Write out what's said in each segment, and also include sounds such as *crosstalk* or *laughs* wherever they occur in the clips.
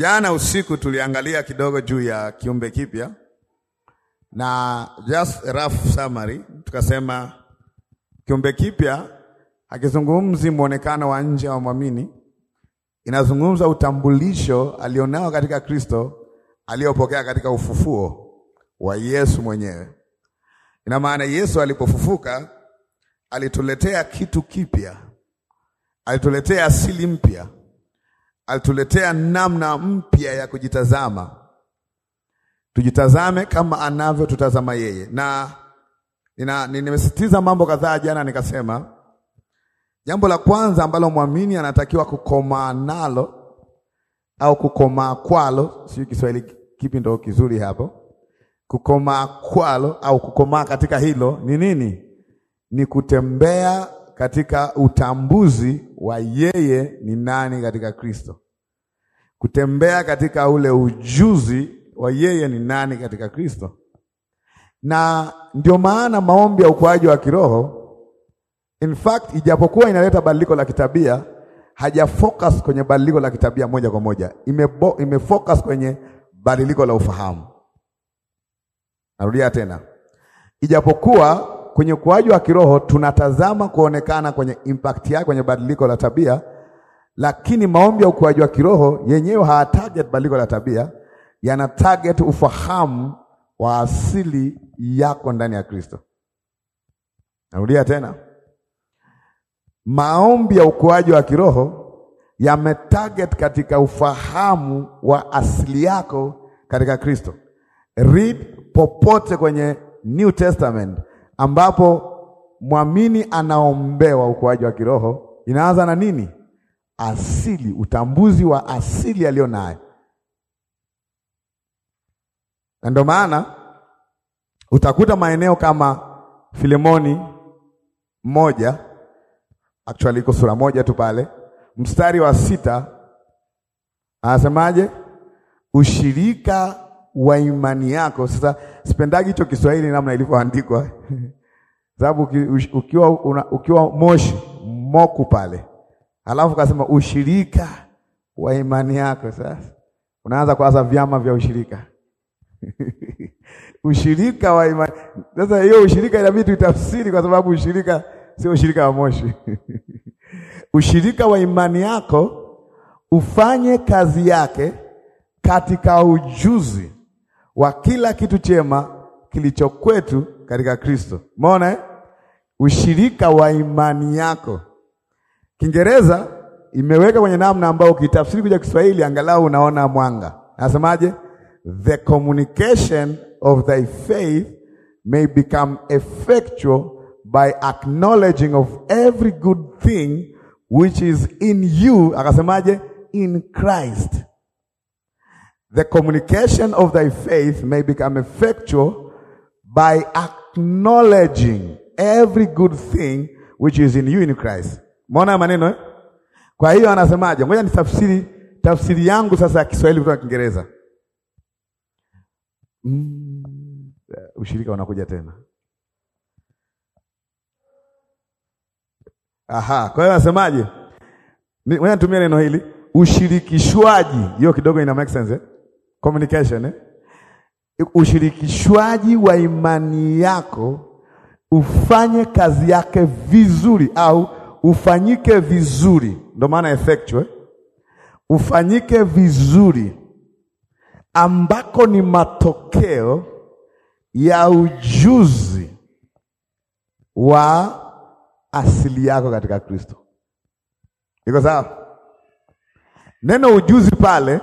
Jana usiku tuliangalia kidogo juu ya kiumbe kipya na just a rough summary, tukasema kiumbe kipya akizungumzi mwonekano wa nje wa mwamini, inazungumza utambulisho alionao katika Kristo aliyopokea katika ufufuo wa Yesu mwenyewe. Ina maana Yesu alipofufuka alituletea kitu kipya, alituletea asili mpya alituletea namna mpya ya kujitazama, tujitazame kama anavyotutazama yeye. Na nimesitiza mambo kadhaa jana, nikasema jambo la kwanza ambalo mwamini anatakiwa kukomaa nalo au kukomaa kwalo, sio Kiswahili kipi ndo kizuri hapo? Kukomaa kwalo au kukomaa katika hilo ni nini? Ni kutembea katika utambuzi wa yeye ni nani katika Kristo, kutembea katika ule ujuzi wa yeye ni nani katika Kristo. Na ndio maana maombi ya ukuaji wa kiroho in fact, ijapokuwa inaleta badiliko la kitabia, focus kwenye badiliko la kitabia moja kwa moja, imebo, imefocus kwenye badiliko la ufahamu. Narudia tena, ijapokuwa kwenye ukuaji wa kiroho tunatazama kuonekana kwenye impact yake kwenye badiliko la tabia, lakini maombi ya ukuaji wa kiroho yenyewe haya target badiliko la tabia, yana target ufahamu wa asili yako ndani ya Kristo. Narudia tena, maombi ya ukuaji wa kiroho yametarget katika ufahamu wa asili yako katika Kristo. Read popote kwenye New Testament ambapo mwamini anaombewa ukuaji wa kiroho, inaanza na nini? Asili, utambuzi wa asili aliyo nayo, na ndio maana utakuta maeneo kama Filemoni moja, actually iko sura moja tu pale, mstari wa sita anasemaje? Ushirika wa imani yako. Sasa sipendagi hicho Kiswahili namna ilivyoandikwa *laughs* sababu ukiwa, ukiwa moshi moku pale alafu kasema ushirika wa imani yako, sasa unaanza kuanza vyama vya ushirika *laughs* ushirika wa imani. Sasa hiyo ushirika inabidi tuitafsiri, kwa sababu ushirika sio ushirika wa moshi *laughs* ushirika wa imani yako ufanye kazi yake katika ujuzi wa kila kitu chema kilicho kwetu katika Kristo. Umeona eh? Ushirika wa imani yako. Kiingereza imeweka kwenye namna ambayo ukitafsiri kuja Kiswahili angalau unaona mwanga. Nasemaje? The communication of thy faith may become effectual by acknowledging of every good thing which is in you. Akasemaje? In Christ. The communication of thy faith may become effectual by acknowledging every good thing which is in you in Christ. Maona maneno eh? Kwa hiyo anasemaje? Ngoja nitafsiri tafsiri yangu sasa ya Kiswahili kutoka Kiingereza. Mm, ushirika unakuja tena. Aha, kwa hiyo anasemaje? Ngoja nitumie neno hili ushirikishwaji. Hiyo kidogo ina make sense eh? communication eh? Ushirikishwaji wa imani yako ufanye kazi yake vizuri au ufanyike vizuri, ndo maana effectual eh? Ufanyike vizuri ambako ni matokeo ya ujuzi wa asili yako katika Kristo. Iko sawa? Neno ujuzi pale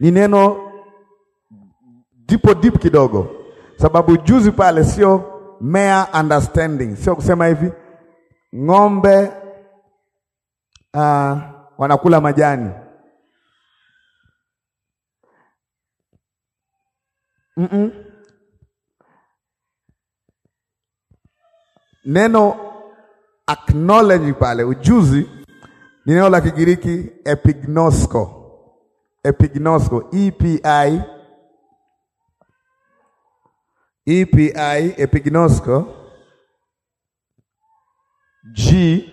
ni neno dipo deep kidogo, sababu juzi pale sio mere understanding, sio kusema hivi ng'ombe uh, wanakula majani mm -mm. Neno acknowledge pale ujuzi ni neno la Kigiriki epignosko epignosko epi epi epignosko g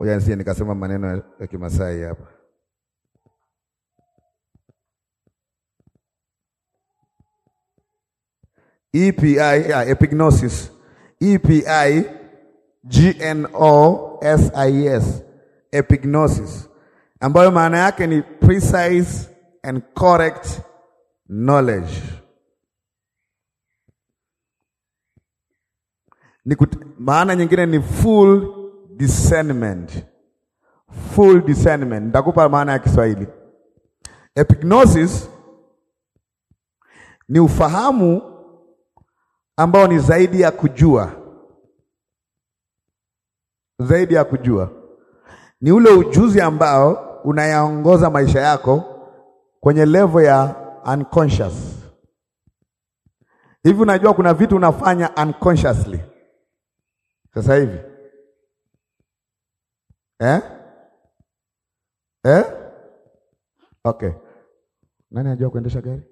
Ngoja nikasema maneno ya Kimasai hapa. EPI yeah, epignosis EPI GNOSIS epignosis ambayo maana yake ni precise and correct knowledge. Ni maana nyingine ni full discernment. Full discernment. Nitakupa maana ya Kiswahili. Epignosis ni ufahamu ambao ni zaidi ya kujua, zaidi ya kujua, ni ule ujuzi ambao unayaongoza maisha yako kwenye level ya unconscious. Hivi unajua kuna vitu unafanya unconsciously sasa hivi eh? Eh? Okay. Nani anajua kuendesha gari?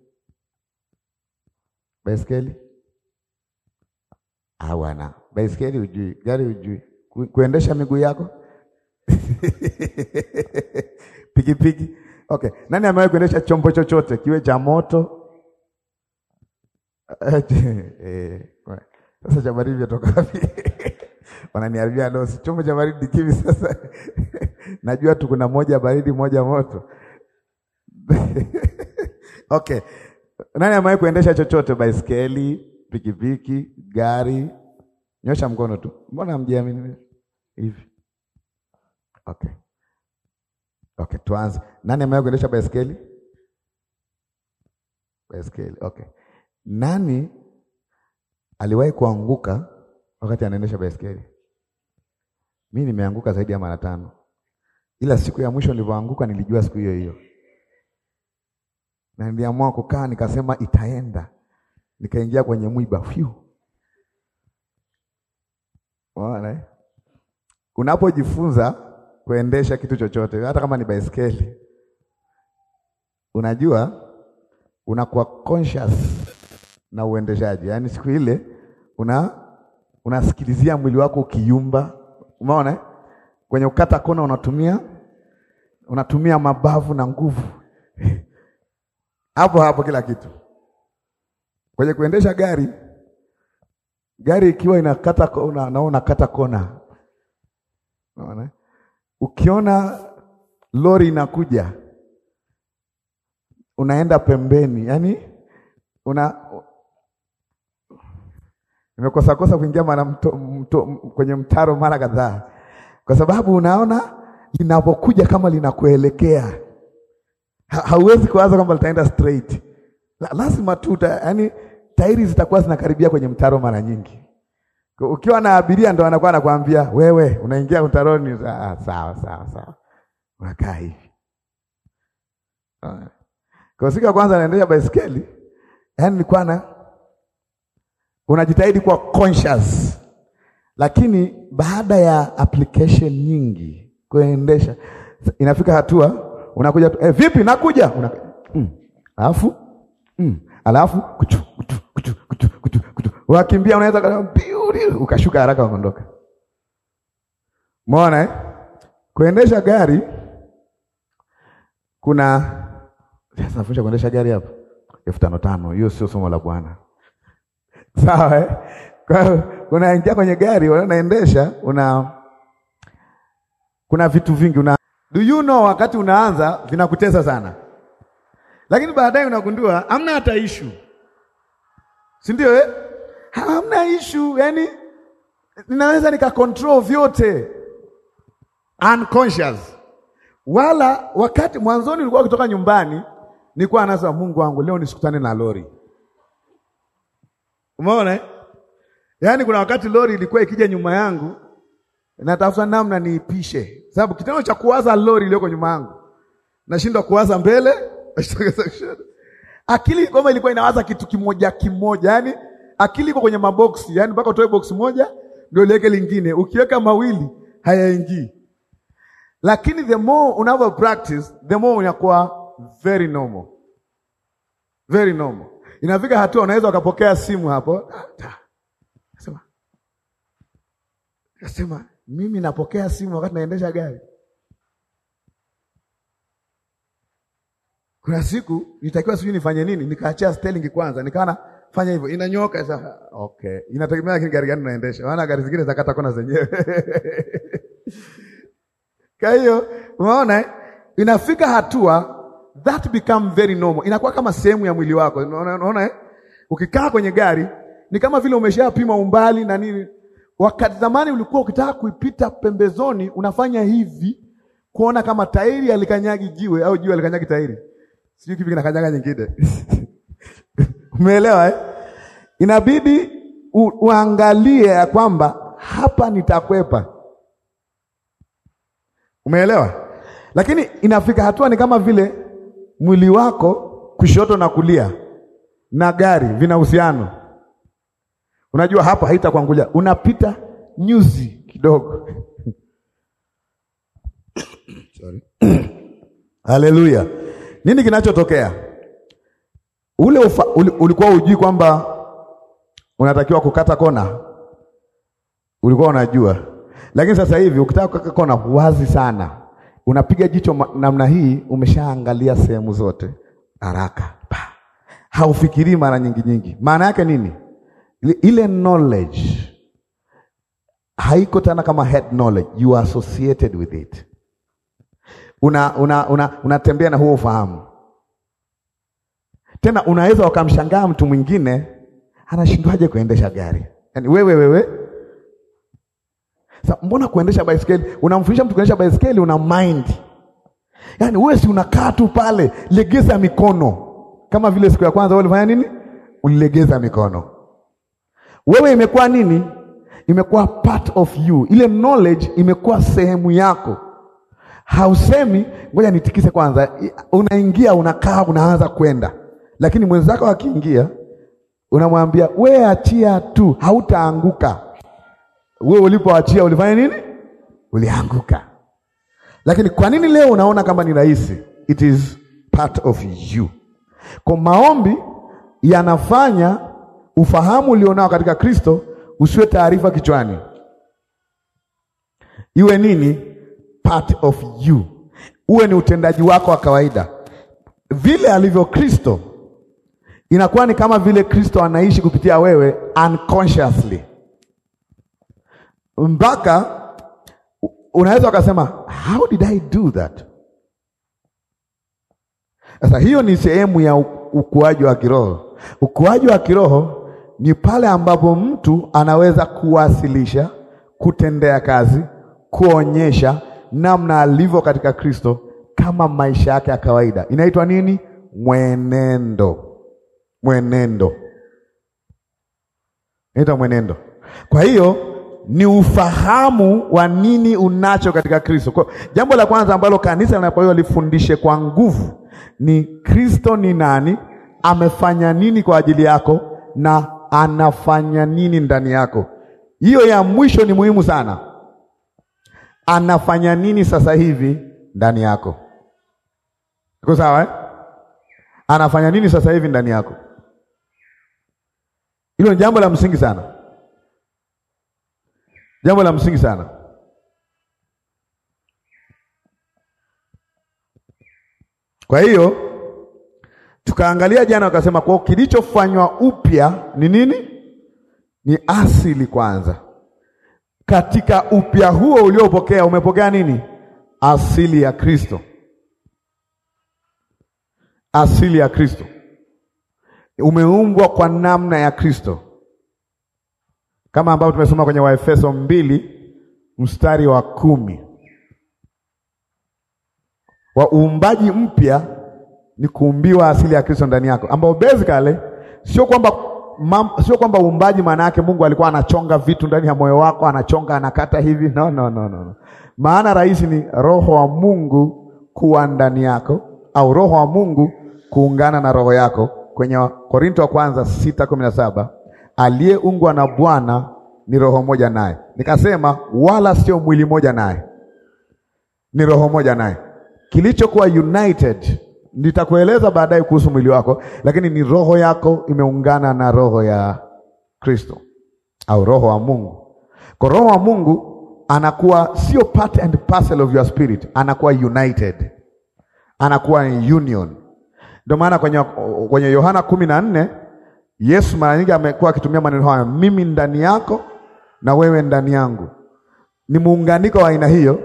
Baiskeli? Hawana. Ah, Baiskeli ujui gari hujui, kuendesha miguu yako *laughs* pikipiki. Okay, nani amewahi kuendesha chombo chochote kiwe cha moto? *laughs* Eh, eh, sasa cha baridi kutoka wapi? *laughs* Wananiambia leo si chombo cha baridi kivi sasa. *laughs* Najua tu kuna moja baridi moja moto. Okay. Nani amewahi kuendesha chochote, baisikeli, pikipiki, gari? Nyosha mkono tu. Mbona mjiamini hivi? Okay. Okay, tuanze. Nani amewahi kuendesha baiskeli? Baiskeli. Okay. Nani aliwahi kuanguka wakati anaendesha baiskeli? mi nimeanguka zaidi ya mara tano, ila siku ya mwisho nilivyoanguka nilijua siku hiyo hiyo, na niliamua kukaa, nikasema itaenda, nikaingia kwenye mwiba fyu. Eh? Unapojifunza kuendesha kitu chochote, hata kama ni baiskeli. Unajua, unakuwa conscious na uendeshaji, yaani siku ile una unasikilizia mwili wako ukiyumba, umeona eh? kwenye ukata kona, unatumia unatumia mabavu na nguvu *laughs* hapo hapo, kila kitu kwenye kuendesha gari. Gari ikiwa inakata kona, naona kata kona, unaona Ukiona lori inakuja unaenda pembeni, yaani una nimekosa kosa kuingia mara mto, mto, kwenye mtaro mara kadhaa, kwa sababu unaona linapokuja kama linakuelekea, hauwezi kuwaza kwamba litaenda straight. La, lazima tu yani tairi zitakuwa zinakaribia kwenye mtaro mara nyingi. Ukiwa na abiria ndo anakuwa anakuambia wewe unaingia utaroni. Sawa sawa sawa, unakaa hivi. Kwa siku ya kwanza naendesha baisikeli, yaani nilikuwa na unajitahidi kuwa conscious, lakini baada ya application nyingi kuendesha, inafika hatua unakuja tu, eh, vipi nakuja, una, mm, alafu mm, alafu kuchu kuchu kuchu kuchu kuchu, wakimbia unaweza ukashuka haraka ukaondoka. Umeona eh? Kuendesha gari kuna sasa nafundisha kuendesha gari hapa elfu tano tano. Hiyo sio somo la Bwana, sawa eh? Kwa hiyo unaingia kwenye gari unaendesha, una kuna vitu vingi una do you know, wakati unaanza vinakutesa sana, lakini baadaye unagundua amna hata issue, si ndio eh? hamna issue, yani ninaweza control vyote unconscious. Wala wakati mwanzoni nilikuwa kutoka nyumbani, nilikuwa anasema Mungu wangu leo nisikutane na lori. Umeona? Yaani kuna wakati lori ilikuwa ikija nyuma yangu natafuta namna niipishe, sababu kitendo cha kuwaza lori iliyoko nyuma yangu nashindwa kuwaza mbele, *laughs* akili kama ilikuwa inawaza kitu kimoja kimoja, yani akili iko kwenye maboksi, yani mpaka utoe boksi moja ndio liweke lingine. Ukiweka mawili hayaingii, lakini the more unavyo practice the more unakuwa very normal, very normal. Inafika hatua unaweza ukapokea simu hapo, ah, nasema nasema mimi napokea simu wakati naendesha gari. Kuna siku nitakiwa sijui nifanye nini, nikaachia stelingi kwanza, nikaana fanya hivyo, inanyoka sasa. Okay, inategemea lakini gari gani unaendesha, maana gari zingine zakata kona zenyewe *laughs* kwa hiyo unaona, eh? inafika hatua that become very normal, inakuwa kama sehemu ya mwili wako. Unaona eh? Ukikaa kwenye gari ni kama vile umeshapima umbali na nini. Wakati zamani ulikuwa ukitaka kuipita pembezoni, unafanya hivi kuona kama tairi alikanyagi jiwe au jiwe alikanyagi tairi, sijui kipi kinakanyaga nyingine *laughs* Umeelewa eh? Inabidi u, uangalie ya kwamba hapa nitakwepa. Umeelewa? Lakini inafika hatua ni kama vile mwili wako kushoto na kulia na gari vina uhusiano. Unajua hapa haitakuangulia, unapita nyuzi kidogo. *coughs* Sorry. *coughs* Haleluya. Nini kinachotokea? ule ufa, ulikuwa ujui kwamba unatakiwa kukata kona, ulikuwa unajua, lakini sasa hivi ukitaka kukata kona wazi sana, unapiga jicho namna hii, umeshaangalia sehemu zote haraka, haufikirii mara nyingi nyingi. Maana yake nini? Ile knowledge haiko tena kama head knowledge, you are associated with it, una unatembea una, una na huo ufahamu tena unaweza ukamshangaa mtu mwingine anashindwaje kuendesha gari, yaani wewe wewe sasa, mbona kuendesha baisikeli? Unamfundisha mtu kuendesha baisikeli, una mind yaani wewe si unakaa tu pale, legeza mikono, kama vile siku ya kwanza wewe ulifanya nini? Ulilegeza mikono. Wewe imekuwa nini? Imekuwa part of you, ile knowledge imekuwa sehemu yako. Hausemi ngoja nitikise kwanza, unaingia, unakaa, unaanza kwenda lakini mwenzako akiingia unamwambia we achia tu, hautaanguka. Wewe ulipoachia ulifanya nini? Ulianguka. Lakini kwa nini leo unaona kama ni rahisi? It is part of you. Kwa maombi yanafanya ufahamu ulionao katika Kristo usiwe taarifa kichwani, iwe nini? Part of you, uwe ni utendaji wako wa kawaida, vile alivyo Kristo inakuwa ni kama vile Kristo anaishi kupitia wewe unconsciously, mpaka unaweza ukasema how did I do that? Sasa hiyo ni sehemu ya ukuaji wa kiroho. Ukuaji wa kiroho ni pale ambapo mtu anaweza kuwasilisha, kutendea kazi, kuonyesha namna alivyo katika Kristo kama maisha yake ya kawaida. Inaitwa nini? Mwenendo mwenendo, inaitwa mwenendo. Kwa hiyo ni ufahamu wa nini unacho katika Kristo. Kwa jambo la kwanza ambalo kanisa linapoiwa lifundishe kwa nguvu ni Kristo ni nani, amefanya nini kwa ajili yako na anafanya nini ndani yako. Hiyo ya mwisho ni muhimu sana, anafanya nini sasa hivi ndani yako. Iko sawa eh? Anafanya nini sasa hivi ndani yako hilo ni jambo la msingi sana, jambo la msingi sana. Kwa hiyo tukaangalia jana, wakasema kwa kilichofanywa upya ni nini? Ni asili kwanza. Katika upya huo uliopokea, umepokea nini? Asili ya Kristo, asili ya Kristo umeumbwa kwa namna ya Kristo, kama ambavyo tumesoma kwenye Waefeso mbili mstari wa kumi. Wa uumbaji mpya ni kuumbiwa asili ya Kristo ndani yako, ambao basically sio kwamba sio kwamba uumbaji maana yake Mungu alikuwa anachonga vitu ndani ya moyo wako, anachonga anakata hivi. No, no, no, no. Maana rahisi ni roho wa Mungu kuwa ndani yako, au roho wa Mungu kuungana na roho yako kwenye Korinto wa kwanza sita kumi na saba aliyeungwa na Bwana ni roho moja naye. Nikasema wala sio mwili moja naye, ni roho moja naye. Kilichokuwa united, nitakueleza baadaye kuhusu mwili wako, lakini ni roho yako imeungana na roho ya Kristo au roho wa Mungu. Kwa roho wa Mungu anakuwa sio part and parcel of your spirit, anakuwa united, anakuwa in union ndio maana kwenye kwenye Yohana kumi na nne Yesu mara nyingi amekuwa akitumia maneno haya, mimi ndani yako na wewe ndani yangu. Ni muunganiko wa aina hiyo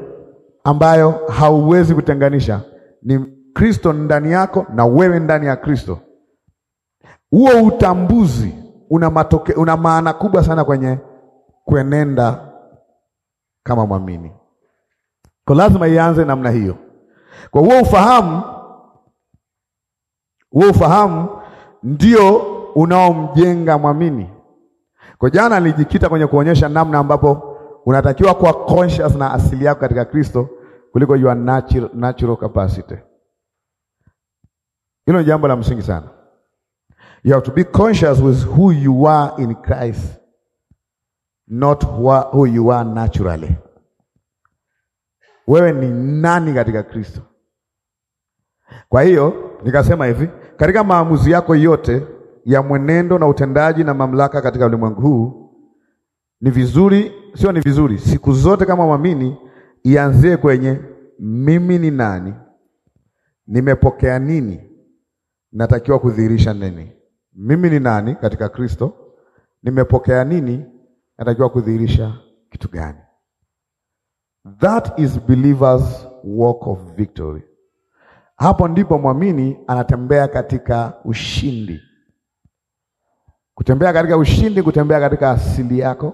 ambayo hauwezi kutenganisha, ni Kristo ndani yako na wewe ndani ya Kristo. Huo utambuzi una matoke, una maana kubwa sana kwenye kuenenda kama mwamini, kwa lazima ianze namna hiyo, kwa huo ufahamu huo ufahamu ndio unaomjenga mwamini. Kwa jana nilijikita kwenye kuonyesha namna ambapo unatakiwa kuwa conscious na asili yako katika Kristo kuliko your natural, natural capacity. Hilo ni jambo la msingi sana. You have to be conscious with who you are in Christ, not who you are naturally. Wewe ni nani katika Kristo? Kwa hiyo nikasema hivi katika maamuzi yako yote ya mwenendo na utendaji na mamlaka katika ulimwengu huu, ni vizuri sio, ni vizuri siku zote kama mwamini ianzie kwenye mimi ni nani, nimepokea nini, natakiwa kudhihirisha nini? Mimi ni nani katika Kristo, nimepokea nini, natakiwa kudhihirisha kitu gani? That is believers walk of victory. Hapo ndipo mwamini anatembea katika ushindi. Kutembea katika ushindi, kutembea katika asili yako,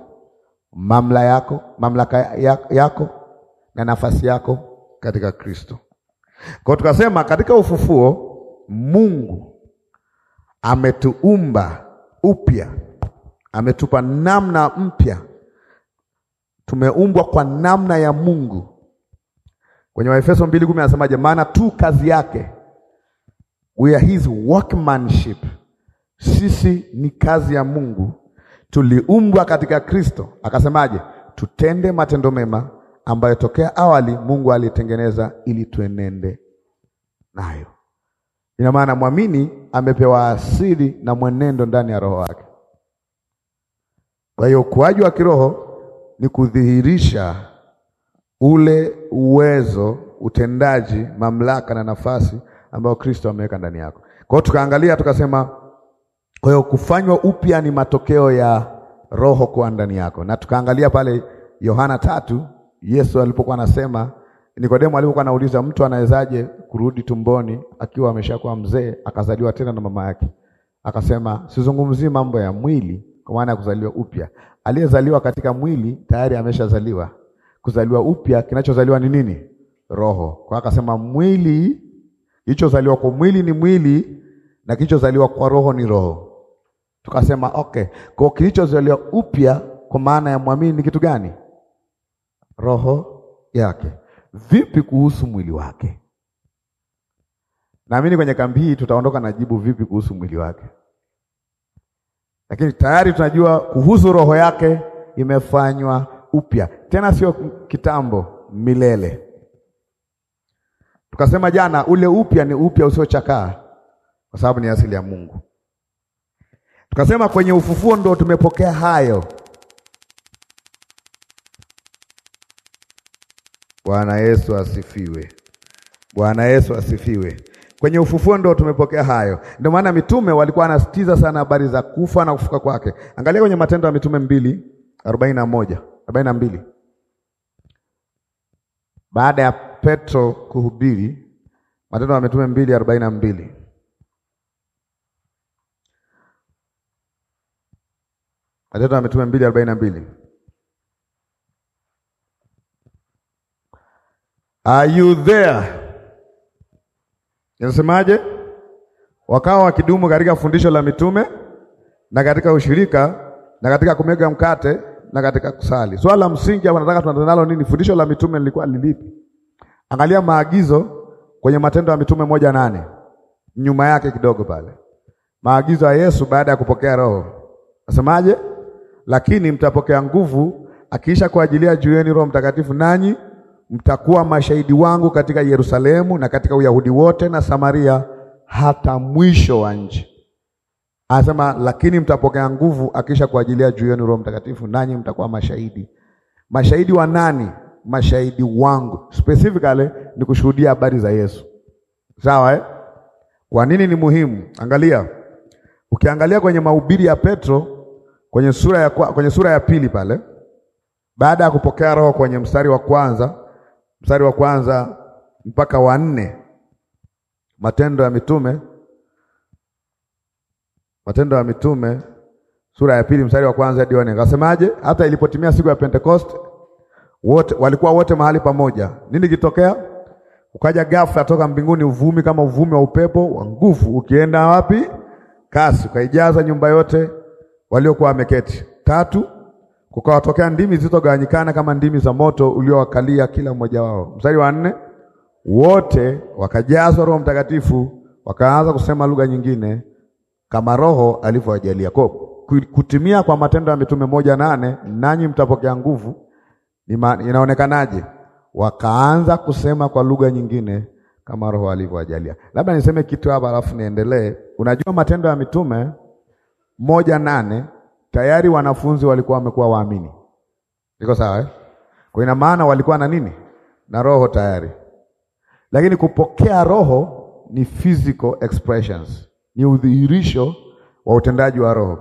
mamla yako, mamlaka yako na nafasi yako katika Kristo. Kwa tukasema katika ufufuo Mungu ametuumba upya, ametupa namna mpya. Tumeumbwa kwa namna ya Mungu Kwenye Waefeso 2:10 anasemaje? Maana tu kazi yake, we are his workmanship, sisi ni kazi ya Mungu, tuliumbwa katika Kristo. Akasemaje? tutende matendo mema ambayo tokea awali Mungu alitengeneza ili tuenende nayo. Ina maana mwamini amepewa asili na mwenendo ndani ya roho wake. Kwa hiyo ukuaji wa kiroho ni kudhihirisha ule uwezo, utendaji, mamlaka na nafasi ambayo Kristo ameweka ndani yako. Kwa hiyo tukaangalia tukasema, kwa hiyo kufanywa upya ni matokeo ya roho kuwa ndani yako, na tukaangalia pale Yohana tatu Yesu alipokuwa anasema Nikodemo alipokuwa anauliza mtu anawezaje kurudi tumboni akiwa ameshakuwa mzee akazaliwa tena na mama yake? Akasema sizungumzii mambo ya mwili, kwa maana ya kuzaliwa upya. Aliyezaliwa katika mwili tayari ameshazaliwa, kuzaliwa upya, kinachozaliwa ni nini? Roho. Kwa akasema mwili, kilichozaliwa kwa mwili ni mwili na kilichozaliwa kwa roho ni roho. Tukasema okay, kwa kilichozaliwa upya kwa maana ya mwamini ni kitu gani? Roho yake. Vipi kuhusu mwili wake? Naamini kwenye kambi hii tutaondoka na jibu vipi kuhusu mwili wake, lakini tayari tunajua kuhusu roho yake imefanywa upya, tena sio kitambo, milele. Tukasema jana ule upya ni upya usiochakaa, kwa sababu ni asili ya Mungu. Tukasema kwenye ufufuo ndo tumepokea hayo. Bwana Yesu asifiwe. Bwana Yesu asifiwe. Kwenye ufufuo ndo tumepokea hayo. Ndio maana mitume walikuwa wanasitiza sana habari za kufa na kufuka kwake. Angalia kwenye Matendo ya Mitume mbili arobaini na moja arobaini na mbili baada ya Petro kuhubiri. Matendo ya Mitume mbili arobaini na mbili Matendo ya Mitume mbili arobaini na mbili Are you there? Inasemaje? Wakawa wakidumu katika fundisho la mitume na katika ushirika na katika kumega mkate na katika kusali. Swala la msingi hapa nataka tuanze nalo nini? Fundisho la mitume lilikuwa lilipi? Angalia maagizo kwenye Matendo ya Mitume moja nane nyuma yake kidogo pale, maagizo ya Yesu baada ya kupokea Roho asemaje? Lakini mtapokea nguvu akiisha kuajilia juu yenu Roho Mtakatifu, nanyi mtakuwa mashahidi wangu katika Yerusalemu na katika Uyahudi wote na Samaria, hata mwisho wa nchi. Anasema lakini mtapokea nguvu akisha kuajilia juu yenu Roho Mtakatifu, nanyi mtakuwa mashahidi. Mashahidi wa nani? Mashahidi wangu. Specifically ni kushuhudia habari za Yesu, sawa eh? Kwa nini ni muhimu? Angalia, ukiangalia kwenye mahubiri ya Petro kwenye sura ya, kwenye sura ya pili pale, baada ya kupokea Roho kwenye mstari wa kwanza mstari wa kwanza mpaka wa nne Matendo ya Mitume Matendo ya Mitume sura ya pili mstari wa kwanza hadi wanne akasemaje? Hata ilipotimia siku ya Pentecost wote walikuwa wote mahali pamoja. Nini kitokea? Ukaja ghafla toka mbinguni uvumi kama uvumi wa upepo wa nguvu ukienda wapi? Kasi, ukaijaza nyumba yote waliokuwa wameketi. Tatu, kukawatokea ndimi zilizogawanyikana kama ndimi za moto uliowakalia kila mmoja wao. Mstari wa nne, wote wakajazwa Roho Mtakatifu wakaanza kusema lugha nyingine kama Roho alivyoajalia. Kwa kutimia kwa Matendo ya Mitume moja nane, nanyi mtapokea nguvu. Inaonekanaje? Wakaanza kusema kwa lugha nyingine kama Roho alivyoajalia. Labda niseme kitu hapa alafu niendelee. Unajua Matendo ya Mitume moja nane tayari wanafunzi walikuwa wamekuwa waamini, iko sawa eh? Kwa ina maana walikuwa na nini? Na roho tayari, lakini kupokea roho ni physical expressions ni udhihirisho wa utendaji wa Roho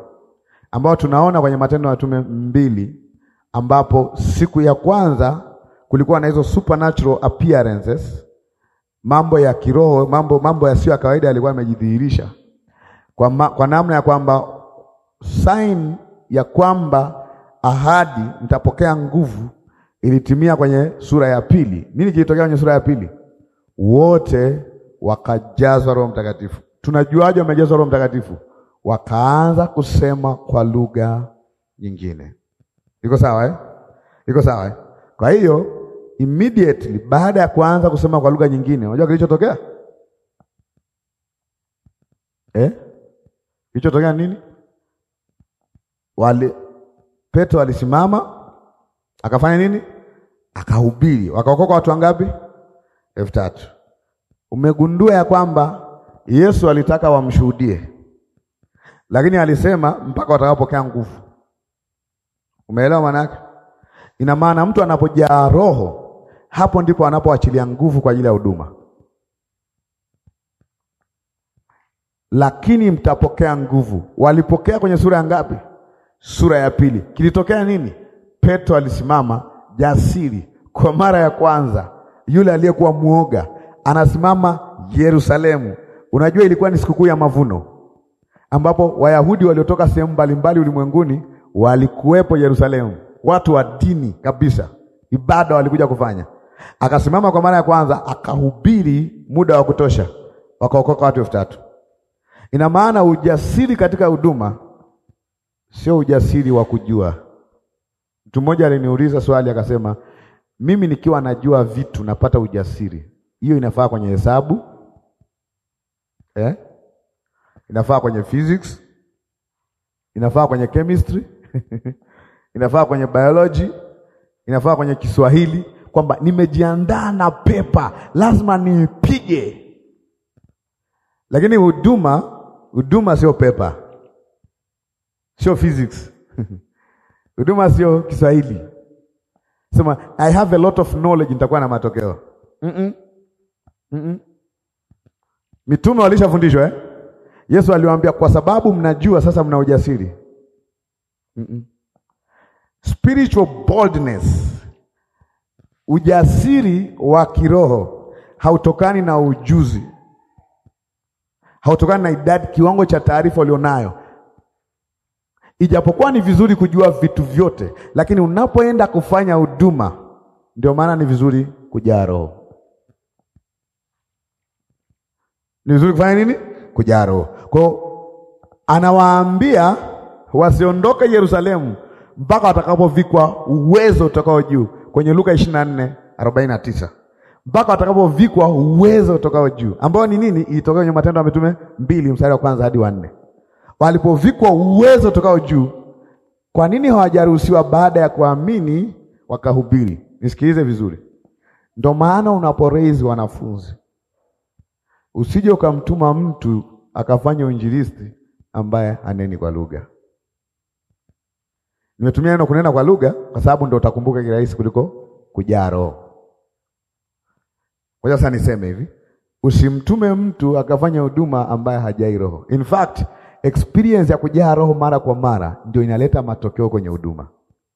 ambao tunaona kwenye Matendo ya Mitume mbili, ambapo siku ya kwanza kulikuwa na hizo supernatural appearances, mambo ya kiroho, mambo mambo yasiyo ya kawaida yalikuwa yamejidhihirisha kwa, ma, kwa namna ya kwamba sign ya kwamba ahadi mtapokea nguvu ilitimia kwenye sura ya pili. Nini kilitokea kwenye sura ya pili? Wote wakajazwa Roho Mtakatifu. Tunajuaje wamejazwa Roho Mtakatifu? Wakaanza kusema kwa lugha nyingine. Iko sawa eh? Iko sawa eh? Kwa hiyo immediately baada ya kuanza kusema kwa lugha nyingine, unajua kilichotokea eh? Kilichotokea nini? Wale Petro alisimama akafanya nini? Akahubiri, wakaokoka watu wangapi? elfu tatu. Umegundua ya kwamba Yesu alitaka wamshuhudie, lakini alisema mpaka watakapokea nguvu. Umeelewa maana yake? Ina maana mtu anapojaa Roho, hapo ndipo anapoachilia nguvu kwa ajili ya huduma. Lakini mtapokea nguvu. Walipokea kwenye sura ya ngapi? Sura ya pili. Kilitokea nini? Petro alisimama jasiri kwa mara ya kwanza, yule aliyekuwa mwoga anasimama Yerusalemu Unajua, ilikuwa ni sikukuu ya mavuno ambapo Wayahudi waliotoka sehemu mbalimbali ulimwenguni walikuwepo Yerusalemu, watu wa dini kabisa, ibada walikuja kufanya. Akasimama kwa mara ya kwanza akahubiri muda wa kutosha, wakaokoka watu elfu tatu. Ina maana ujasiri katika huduma sio ujasiri wa kujua. Mtu mmoja aliniuliza swali akasema, mimi nikiwa najua vitu napata ujasiri. Hiyo inafaa kwenye hesabu eh? Inafaa kwenye physics, inafaa kwenye chemistry *laughs* inafaa kwenye biology, inafaa kwenye Kiswahili, kwamba nimejiandaa na pepa, lazima niipige. Lakini huduma, huduma sio pepa, sio physics *laughs* huduma sio Kiswahili. Sema I have a lot of knowledge, nitakuwa na matokeo. mm -mm. Mm -mm. Mitume walishafundishwa eh? Yesu aliwaambia kwa sababu mnajua sasa mna ujasiri. Mm -mm. Spiritual boldness. Ujasiri wa kiroho hautokani na ujuzi. Hautokani na idadi, kiwango cha taarifa ulionayo. Ijapokuwa ni vizuri kujua vitu vyote, lakini unapoenda kufanya huduma, ndio maana ni vizuri kujaa roho. Ni vizuri kufanya nini? Kujaa roho. Kwa hiyo anawaambia wasiondoke Yerusalemu mpaka watakapovikwa uwezo utokao juu, kwenye Luka 24:49 mpaka watakapovikwa uwezo utokao juu, ambao ni nini? Ilitokea kwenye Matendo ya Mitume mbili mstari wa kwanza hadi wa nne. Walipovikwa uwezo utokao juu, kwa nini hawajaruhusiwa baada ya kuamini wakahubiri? Nisikilize vizuri, ndio maana unaporaise wanafunzi Usije ukamtuma mtu akafanya uinjilisti ambaye haneni kwa lugha. Nimetumia neno kunena kwa lugha kwa sababu ndio utakumbuka kirahisi kuliko kujaa roho. Ngoja sasa niseme hivi, usimtume mtu akafanya huduma ambaye hajai roho. In fact, experience ya kujaa roho mara kwa mara ndio inaleta matokeo kwenye huduma.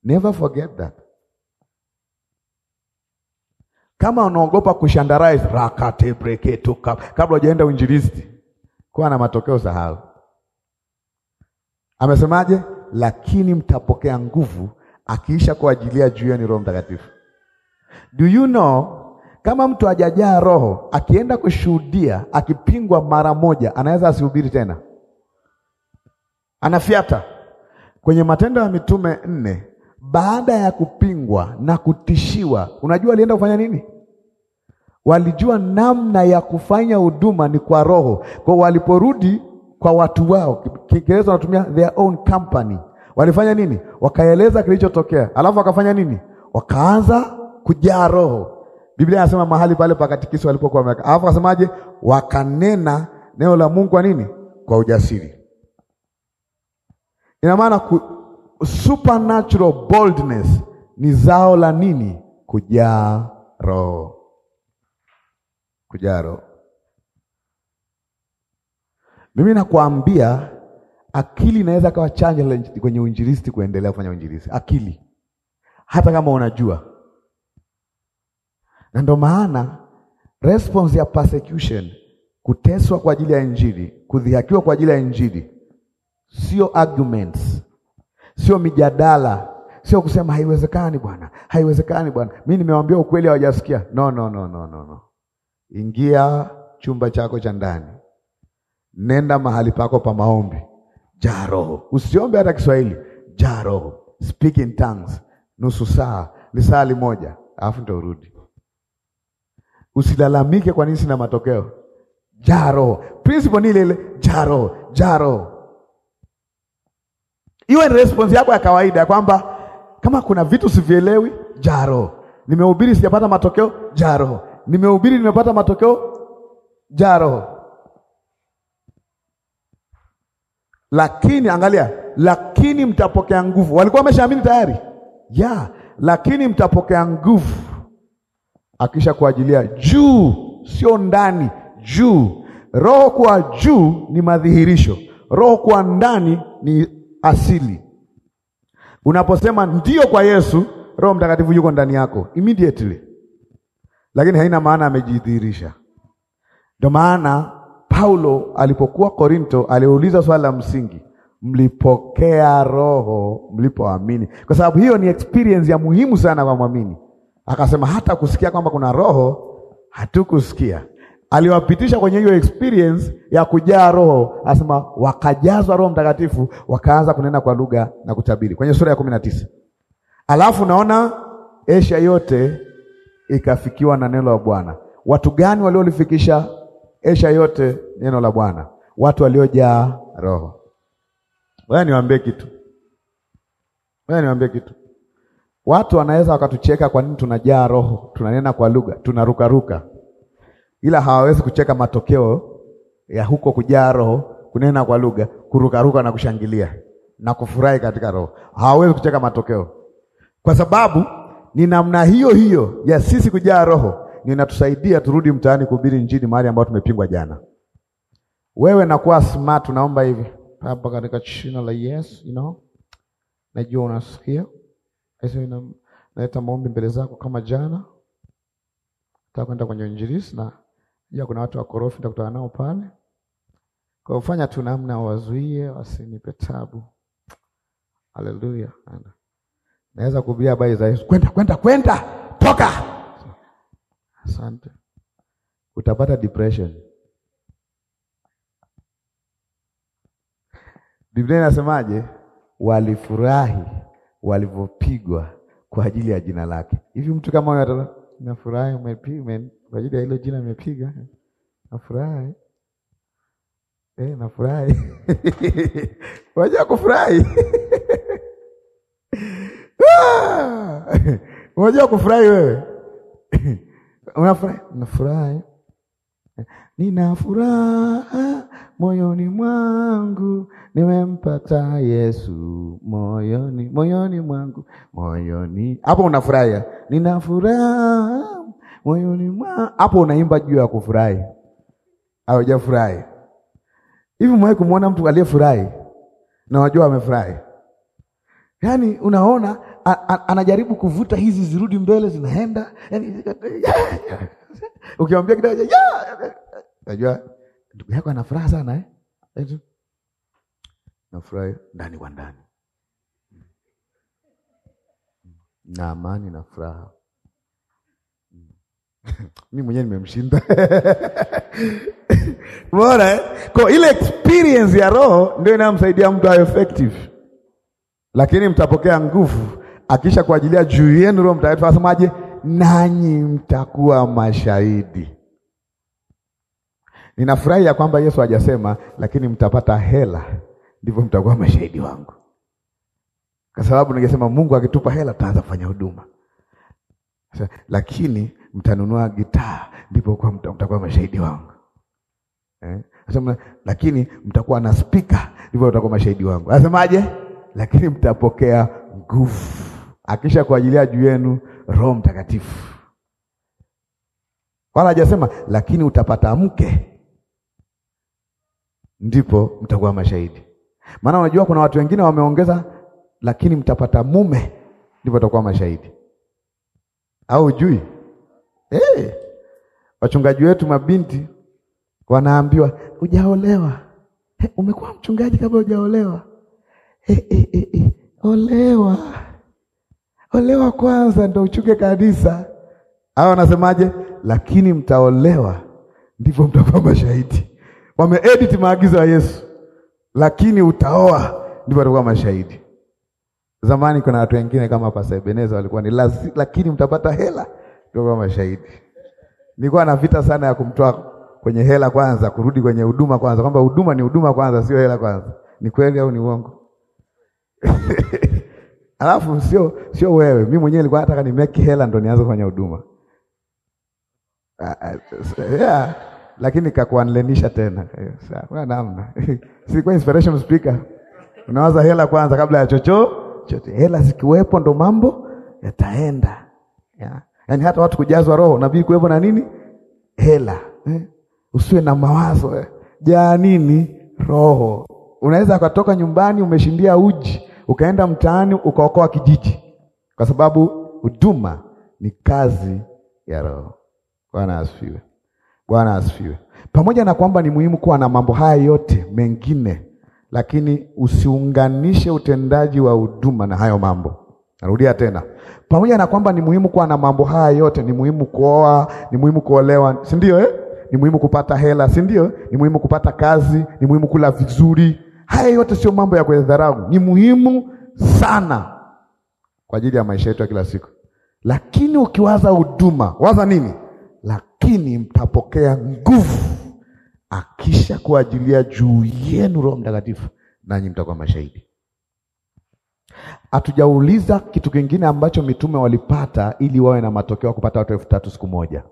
Never forget that. Kama unaogopa kushandarize rakate breke tuka kabla hujaenda uinjilisti, kuwa na matokeo sahau. Amesemaje? Lakini mtapokea nguvu akiisha kuajilia juu yenu Roho Mtakatifu. Do you know kama mtu hajajaa Roho akienda kushuhudia, akipingwa mara moja, anaweza asihubiri tena, anafyata. Kwenye Matendo ya Mitume nne, baada ya kupingwa na kutishiwa, unajua alienda kufanya nini? Walijua namna ya kufanya huduma ni kwa roho. Kwa waliporudi kwa watu wao, Kiingereza wanatumia their own company, walifanya nini? Wakaeleza kilichotokea, alafu wakafanya nini? Wakaanza kujaa roho. Biblia inasema mahali pale pakatikiswa walipokuwa wameka, alafu akasemaje? Wakanena neno la Mungu kwa nini? Kwa ujasiri. Ina maana supernatural boldness ni zao la nini? Kujaa roho kujaro. Mimi nakwambia akili inaweza kawa challenge kwenye uinjilisti, kuendelea kufanya uinjilisti akili, hata kama unajua. Na ndio maana response ya persecution, kuteswa kwa ajili ya Injili, kudhihakiwa kwa ajili ya Injili, sio arguments, sio mijadala, sio kusema haiwezekani bwana, haiwezekani bwana, mimi nimewaambia ukweli hawajasikia. No, no, no, no, no, no. Ingia chumba chako cha ndani, nenda mahali pako pa maombi, jaa Roho. Usiombe hata Kiswahili, jaa Roho, speak in tongues, nusu saa, lisaa limoja, alafu ndio urudi. Usilalamike kwa nini sina matokeo. Jaa Roho, principle ni ile ile, jaa Roho, jaa Roho. Iwe ni response yako ya kawaida kwamba kama kuna vitu sivielewi, jaa Roho. Nimehubiri sijapata matokeo, jaa Roho nimehubiri, nimepata matokeo jaa roho. Lakini angalia, lakini mtapokea nguvu. Walikuwa wameshaamini tayari ya yeah, lakini mtapokea nguvu akisha kuajilia juu, sio ndani, juu. Roho kwa juu ni madhihirisho, roho kwa ndani ni asili. Unaposema ndio kwa Yesu, Roho Mtakatifu yuko ndani yako immediately lakini haina maana amejidhihirisha. Ndio maana Paulo alipokuwa Korinto aliuliza swali la msingi, mlipokea roho mlipoamini? Kwa sababu hiyo ni experience ya muhimu sana kwa mwamini. Akasema hata kusikia kwamba kuna roho hatukusikia. Aliwapitisha kwenye hiyo experience ya kujaa roho, asema wakajazwa Roho Mtakatifu, wakaanza kunena kwa lugha na kutabiri, kwenye sura ya kumi na tisa. Alafu naona Asia yote ikafikiwa na neno la Bwana. Watu gani waliolifikisha Asia yote neno la Bwana? Watu waliojaa Roho. Wewe niwaambie kitu, wewe niwaambie kitu, watu wanaweza wakatucheka kwa nini tunajaa Roho, tunanena kwa lugha, tunarukaruka, ila hawawezi kucheka matokeo ya huko kujaa Roho, kunena kwa lugha, kurukaruka na kushangilia na kufurahi katika Roho. Hawawezi kucheka matokeo kwa sababu ni namna hiyo hiyo ya sisi kujaa Roho ninatusaidia turudi mtaani kuhubiri Injili mahali ambapo tumepingwa jana. Wewe nakuwa smart, naomba hivi hapa katika jina la Yesu, you know, najua unasikia ina naleta maombi mbele zako kama jana, takwenda kwenye injilisi na jua kuna watu wakorofi nitakutana nao pale, kwa ufanya tu namna wazuie wasinipe tabu. Haleluya. amen. Naweza kuhubiri habari za Yesu, kwenda kwenda kwenda, toka. Asante, utapata depression. Biblia inasemaje? Walifurahi walivyopigwa kwa ajili ya jina lake. Hivi mtu kama huyo atata nafurahi kwa ajili ya hilo jina imepiga, nafurahi eh, nafurahi wajua *laughs* kufurahi *laughs* Ah! *laughs* unajua kufurahi wewe *coughs* unafurahi unafurahi nina furaha moyoni mwangu, nimempata Yesu moyoni moyoni mwangu moyoni. Hapo unafurahi nina furaha moyoni mwangu. Hapo unaimba juu ya kufurahi, haujafurahi hivi. mwae kumwona mtu aliyefurahi na wajua amefurahi? Yaani unaona anajaribu kuvuta hizi zirudi mbele, zinaenda Ukiwambia ukimwambia kidogo najua ndugu yako ana furaha sana eh? Nafurahi ndani kwa ndani na amani na furaha *laughs* mi mwenyewe nimemshinda bora *laughs* eh? Kwa ile experience ya roho ndio inayomsaidia mtu awe effective, lakini mtapokea nguvu akisha kuajilia juu yenu Roho Mtakatifu asemaje? Nanyi mtakuwa mashahidi. Ninafurahi ya kwamba Yesu hajasema lakini mtapata hela ndivyo mtakuwa mashahidi wangu, kwa sababu ningesema Mungu akitupa hela tutaanza kufanya huduma, lakini mtanunua gitaa ndipo kwa mtakuwa mashahidi wangu eh? Asema, lakini mtakuwa na spika ndivyo mtakuwa mashahidi wangu. Asemaje? Lakini mtapokea nguvu akisha kuajilia juu yenu Roho Mtakatifu. Wala hajasema lakini utapata mke ndipo mtakuwa mashahidi. Maana unajua kuna watu wengine wameongeza, lakini mtapata mume ndipo mtakuwa mashahidi, au jui hey. Eh, wachungaji wetu mabinti wanaambiwa hujaolewa, hey, eh, umekuwa mchungaji kabla hujaolewa, hey, eh, hey, hey, hey. Olewa olewa kwanza ndo uchuke kanisa au anasemaje? Lakini mtaolewa ndivyo mtakuwa mashahidi. Wameedit maagizo ya Yesu, lakini utaoa ndivyo atakuwa mashahidi. Zamani kuna watu wengine kama Pastor Ebenezer walikuwa ni lazi, lakini mtapata hela ndio kwa mashahidi. Nilikuwa na vita sana ya kumtoa kwenye hela kwanza, kurudi kwenye huduma kwanza, kwamba huduma ni huduma kwanza, sio hela kwanza. Ni kweli au ni uongo? *laughs* Alafu sio sio wewe, mimi mwenyewe nilikuwa nataka ni make hela ndo nianze kufanya huduma ah, ah, yeah, lakini nikakuanlenisha tena eh, kuna namna *laughs* sikuwa inspiration speaker. Unawaza hela kwanza kabla ya chocho chote. Hela zikiwepo ndo mambo yataenda yeah. Yaani hata watu kujazwa roho nabii kuwepo na nini hela eh? Usiwe na mawazo eh? Jaa nini roho, unaweza ukatoka nyumbani umeshindia uji ukaenda mtaani ukaokoa kijiji, kwa sababu huduma ni kazi ya Roho. Bwana asifiwe. Bwana asifiwe. Pamoja na kwamba ni muhimu kuwa na mambo haya yote mengine, lakini usiunganishe utendaji wa huduma na hayo mambo. Narudia tena, pamoja na kwamba ni muhimu kuwa na mambo haya yote, ni muhimu kuoa, ni muhimu kuolewa, si ndio eh? Ni muhimu kupata hela, si ndio? Eh? Ni muhimu kupata kazi, ni muhimu kula vizuri, Haya yote sio mambo ya kudharau, ni muhimu sana kwa ajili ya maisha yetu ya kila siku. Lakini ukiwaza huduma, waza nini? Lakini mtapokea nguvu akisha kuajilia juu yenu Roho Mtakatifu, nanyi mtakuwa mashahidi. Hatujauliza kitu kingine ambacho mitume walipata ili wawe na matokeo ya kupata watu elfu tatu siku moja.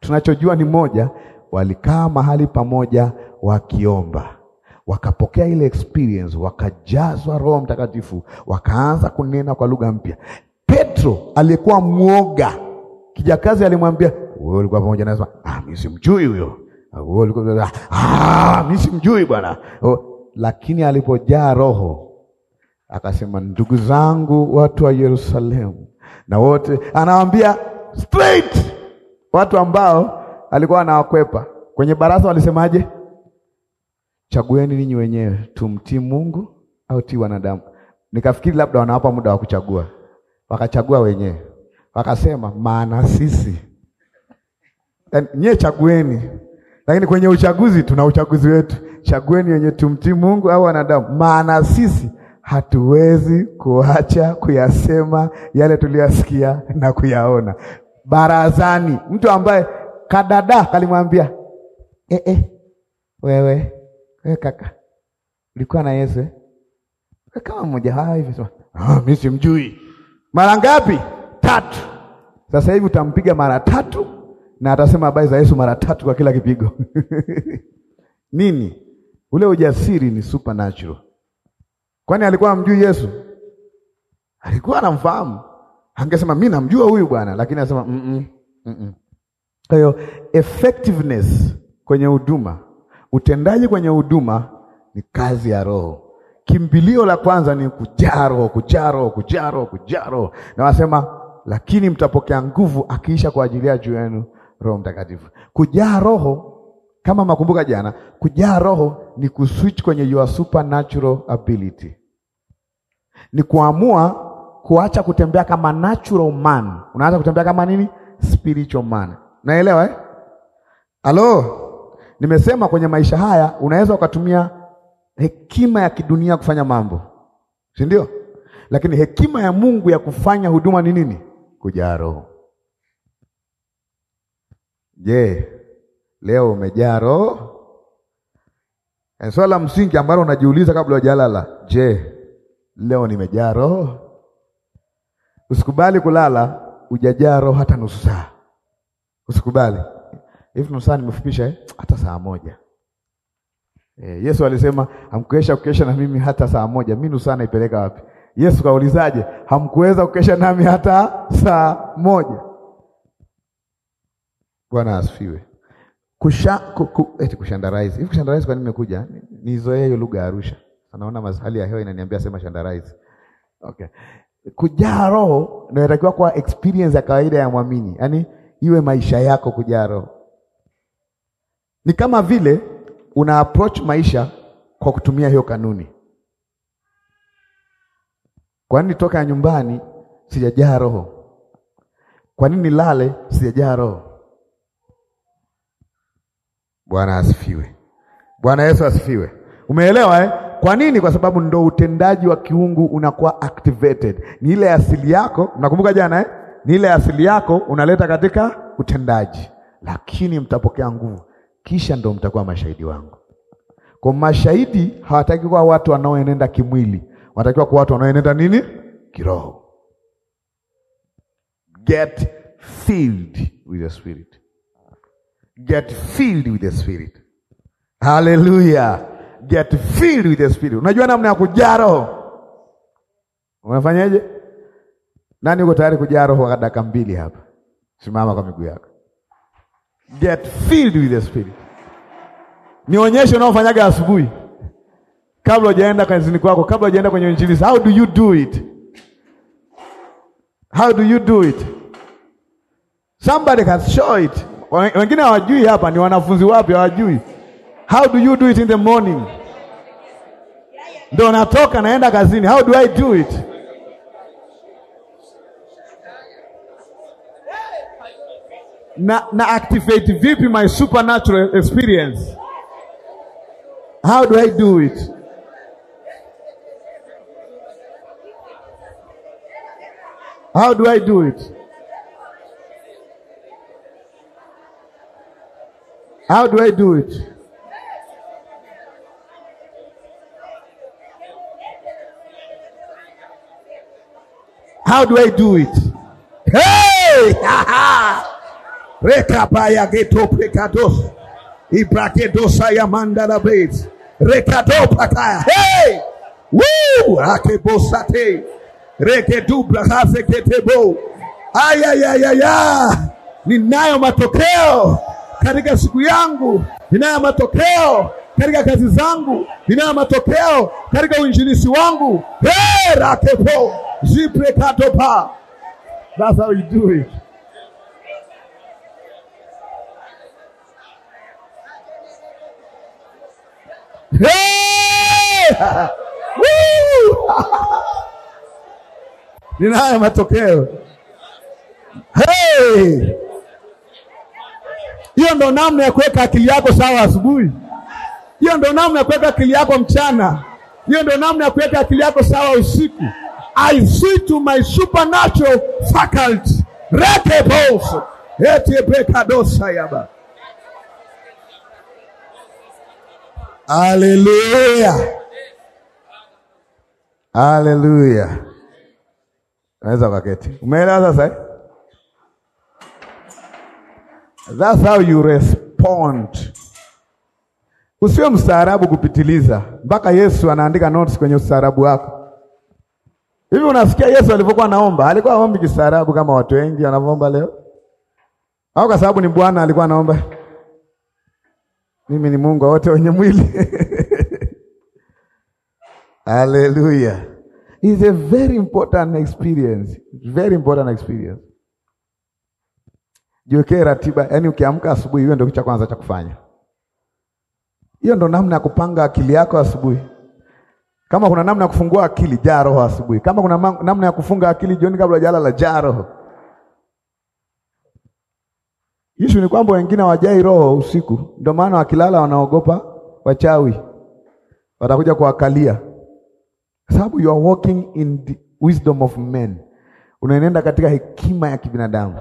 Tunachojua ni moja, walikaa mahali pamoja wakiomba wakapokea ile experience, wakajazwa Roho Mtakatifu, wakaanza kunena kwa lugha mpya. Petro aliyekuwa mwoga, kijakazi alimwambia, wewe ulikuwa pamoja naye, Ah, mimi simjui huyo. Ah, wewe ulikuwa? Ah, mimi simjui bwana. Oh, lakini alipojaa Roho akasema, ndugu zangu watu wa Yerusalemu na wote, anawaambia straight watu ambao alikuwa anawakwepa kwenye baraza, walisemaje? chagueni ninyi wenyewe, tumtii Mungu au tii wanadamu. Nikafikiri labda wanawapa muda wa kuchagua, wakachagua wenyewe, wakasema maana sisi nyie chagueni, lakini kwenye uchaguzi tuna uchaguzi wetu, chagueni wenye tumtii Mungu au wanadamu, maana sisi hatuwezi kuacha kuyasema yale tuliyasikia na kuyaona barazani. Mtu ambaye kadada kalimwambia, eh, eh, wewe Eh, kaka ulikuwa na Yesu eh? eh kama mmoja wao hivi sema ah, mimi simjui. Mara ngapi? Tatu. Sasa hivi utampiga mara tatu na atasema habari za Yesu mara tatu kwa kila kipigo *laughs* nini? Ule ujasiri ni supernatural. Kwani alikuwa amjui Yesu? Alikuwa anamfahamu. Angesema mimi namjua huyu bwana, lakini anasema mm -mm, mm -mm. Kwa hiyo effectiveness kwenye huduma Utendaji kwenye huduma ni kazi ya Roho. Kimbilio la kwanza ni kujaa Roho, kujaa Roho, kujaa Roho, na wasema lakini mtapokea nguvu akiisha kwa ajili ya juu yenu Roho Mtakatifu. Kujaa Roho kama makumbuka jana, kujaa Roho ni kuswitch kwenye your supernatural ability, ni kuamua kuacha kutembea kama natural man, unaanza kutembea kama nini? Spiritual man. Naelewa eh? Halo? nimesema kwenye maisha haya unaweza ukatumia hekima ya kidunia kufanya mambo, si ndio? Lakini hekima ya Mungu ya kufanya huduma ni nini? Kujaa Roho. Je, leo umejaa Roho? Swala la msingi ambalo unajiuliza kabla hujalala, je, leo nimejaa Roho? Usikubali kulala ujajaa Roho hata nusu saa, usikubali hivi nusu nimefupisha eh? hata saa moja eh, Yesu alisema hamkuesha kukesha na mimi hata saa moja. Mimi nusu saa naipeleka wapi? Yesu kaulizaje? hamkuweza kukesha nami hata saa moja. Bwana asifiwe. Kusha, ku, ku, eti kushandarize. Hivi kushandarize kwa nini nimekuja? Nizoee hiyo lugha ya Arusha. Anaona mazali ya hewa inaniambia sema shandarize. Okay. Kujaa roho ndio inatakiwa kuwa experience ya kawaida ya mwamini. Yaani iwe maisha yako kujaa roho. Ni kama vile una approach maisha kwa kutumia hiyo kanuni. Kwa nini toka nyumbani sijajaa roho? Kwa nini lale sijajaa roho? Bwana asifiwe. Bwana Yesu asifiwe. Umeelewa eh? Kwa nini? Kwa sababu ndo utendaji wa kiungu unakuwa activated. Ni ile asili yako, nakumbuka jana eh? Ni ile asili yako unaleta katika utendaji, lakini mtapokea nguvu kisha ndo mtakuwa mashahidi wangu. Kwa mashahidi hawataki kuwa watu wanaoenenda kimwili, wanatakiwa kuwa watu wanaoenenda nini? Kiroho. Get filled with the spirit. Get filled with the spirit. Haleluya. Get filled with the spirit. Unajua namna ya kujaa roho umefanyaje? Nani uko tayari kujaa roho kwa dakika mbili hapa? Simama kwa miguu yako. Get filled with the spirit. Nionyeshe unaofanyaga asubuhi kabla hujaenda kazini kwako, kabla hujaenda kwenye injili. How do you do it? How do you do it? Somebody can show it. Wengine hawajui hapa, ni wanafunzi wapi hawajui. How do you do it in the morning? Ndio natoka naenda kazini. How do I do it? Na, na activate vipi my supernatural experience? How do I do it? How do I do it? How do I do it? How do I do it? Hey! *laughs* Ha ha! get up, prekados. ibrakedosa yamandala beti rekadopakaya hey! Woo! akebosate rekedubrakafeketebo ayayayaya ninayo matokeo katika siku yangu, ninayo matokeo katika kazi zangu, ninayo matokeo katika uinjilisi wangu. Hey, rakepo ziprekatopa That's how you do it. *laughs* Ninayo matokeo hiyo. Hey! Ndo namna ya kuweka akili yako sawa asubuhi. Hiyo ndo namna ya kuweka akili yako mchana. Hiyo ndo namna ya kuweka akili yako sawa usiku. I see to my supernatural faculty rekebos etiebekadosayaba Haleluya, haleluya. Naweza ukaketi. Umeelewa sasa? Eh? That's how you respond. Usiwe mstaarabu kupitiliza, mpaka Yesu anaandika notes kwenye ustaarabu wako. Hivi unasikia Yesu alivyokuwa naomba, alikuwa aombi kistaarabu kama watu wengi wanavyoomba leo, au kwa sababu ni Bwana alikuwa anaomba mimi ni Mungu wa wote wenye mwili. *laughs* Hallelujah. It's a very important experience. Very important experience. Jiwekee ratiba, yaani ukiamka asubuhi hiyo ndio kitu cha kwanza cha kufanya. Hiyo ndio namna ya kupanga akili yako asubuhi. Kama kuna namna ya kufungua akili, jaa roho asubuhi. Kama kuna namna ya kufunga akili jioni kabla hujalala, jaa roho. Yesu ni kwamba wengine wajai roho usiku, ndio maana wakilala wanaogopa wachawi watakuja kuwakalia, sababu you are walking in the wisdom of men, unaenenda katika hekima ya kibinadamu.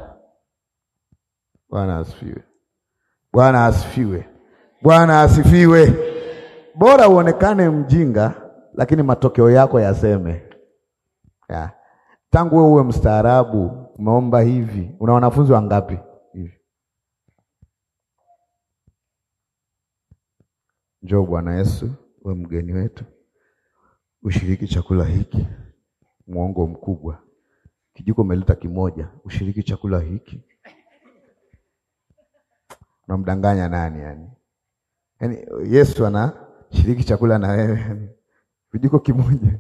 Bwana asifiwe! Bwana asifiwe! Bwana asifiwe! Bora uonekane mjinga, lakini matokeo yako yaseme ya. Tangu wewe uwe mstaarabu, umeomba hivi, una wanafunzi wangapi? Njoo Bwana Yesu, we mgeni wetu, ushiriki chakula hiki. Mwongo mkubwa, kijiko umeleta kimoja, ushiriki chakula hiki. Unamdanganya nani? Yani yani Yesu anashiriki chakula na wewe kijiko kimoja.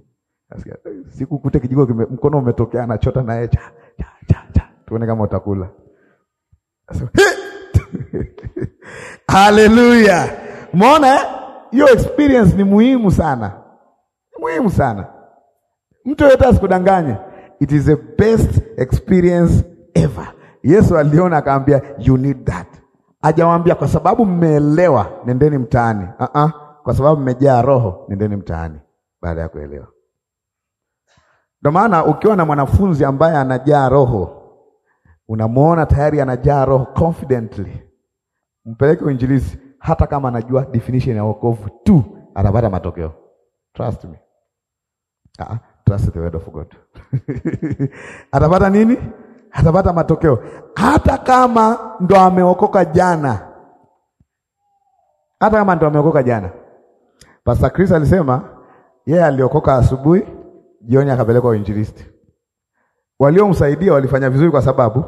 Siku kute kijiko kime, mkono umetokea, anachota na yeye cha cha cha cha, tuone kama utakula. *laughs* Haleluya! Mwona eh? hiyo experience ni muhimu sana, ni muhimu sana. Mtu yoyote asikudanganye, it is the best experience ever. Yesu aliona akamwambia, you need that. Hajawaambia kwa sababu mmeelewa nendeni mtaani. uh -uh. Kwa sababu mmejaa Roho nendeni mtaani, baada ya kuelewa. Ndio maana ukiwa na mwanafunzi ambaye anajaa Roho, unamwona tayari anajaa Roho confidently, mpeleke uinjilizi hata kama anajua definition ya wokovu tu atapata matokeo. Trust me. Ah, trust the word of God. *laughs* Atapata nini? Atapata matokeo hata kama ndo ameokoka jana, hata kama ndo ameokoka jana. Pastor Chris alisema yeye aliokoka asubuhi, jioni akapelekwa uinjilisti. Waliomsaidia walifanya vizuri, kwa sababu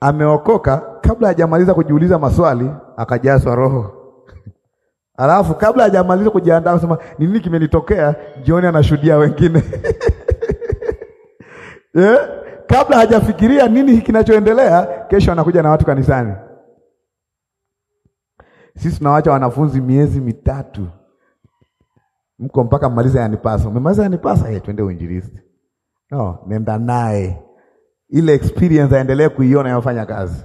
ameokoka kabla hajamaliza kujiuliza maswali, akajazwa Roho. Alafu kabla hajamaliza kujiandaa kusema nini kimenitokea, jioni anashuhudia wengine yeah? *laughs* Kabla hajafikiria nini kinachoendelea, kesho anakuja na watu kanisani. Sisi tunawaacha wanafunzi miezi mitatu, mko mpaka mmaliza yanipasa. Umemaliza yanipasa, hey, eh, twende uinjilisti. No, nenda naye ile experience aendelee kuiona, yafanya kazi,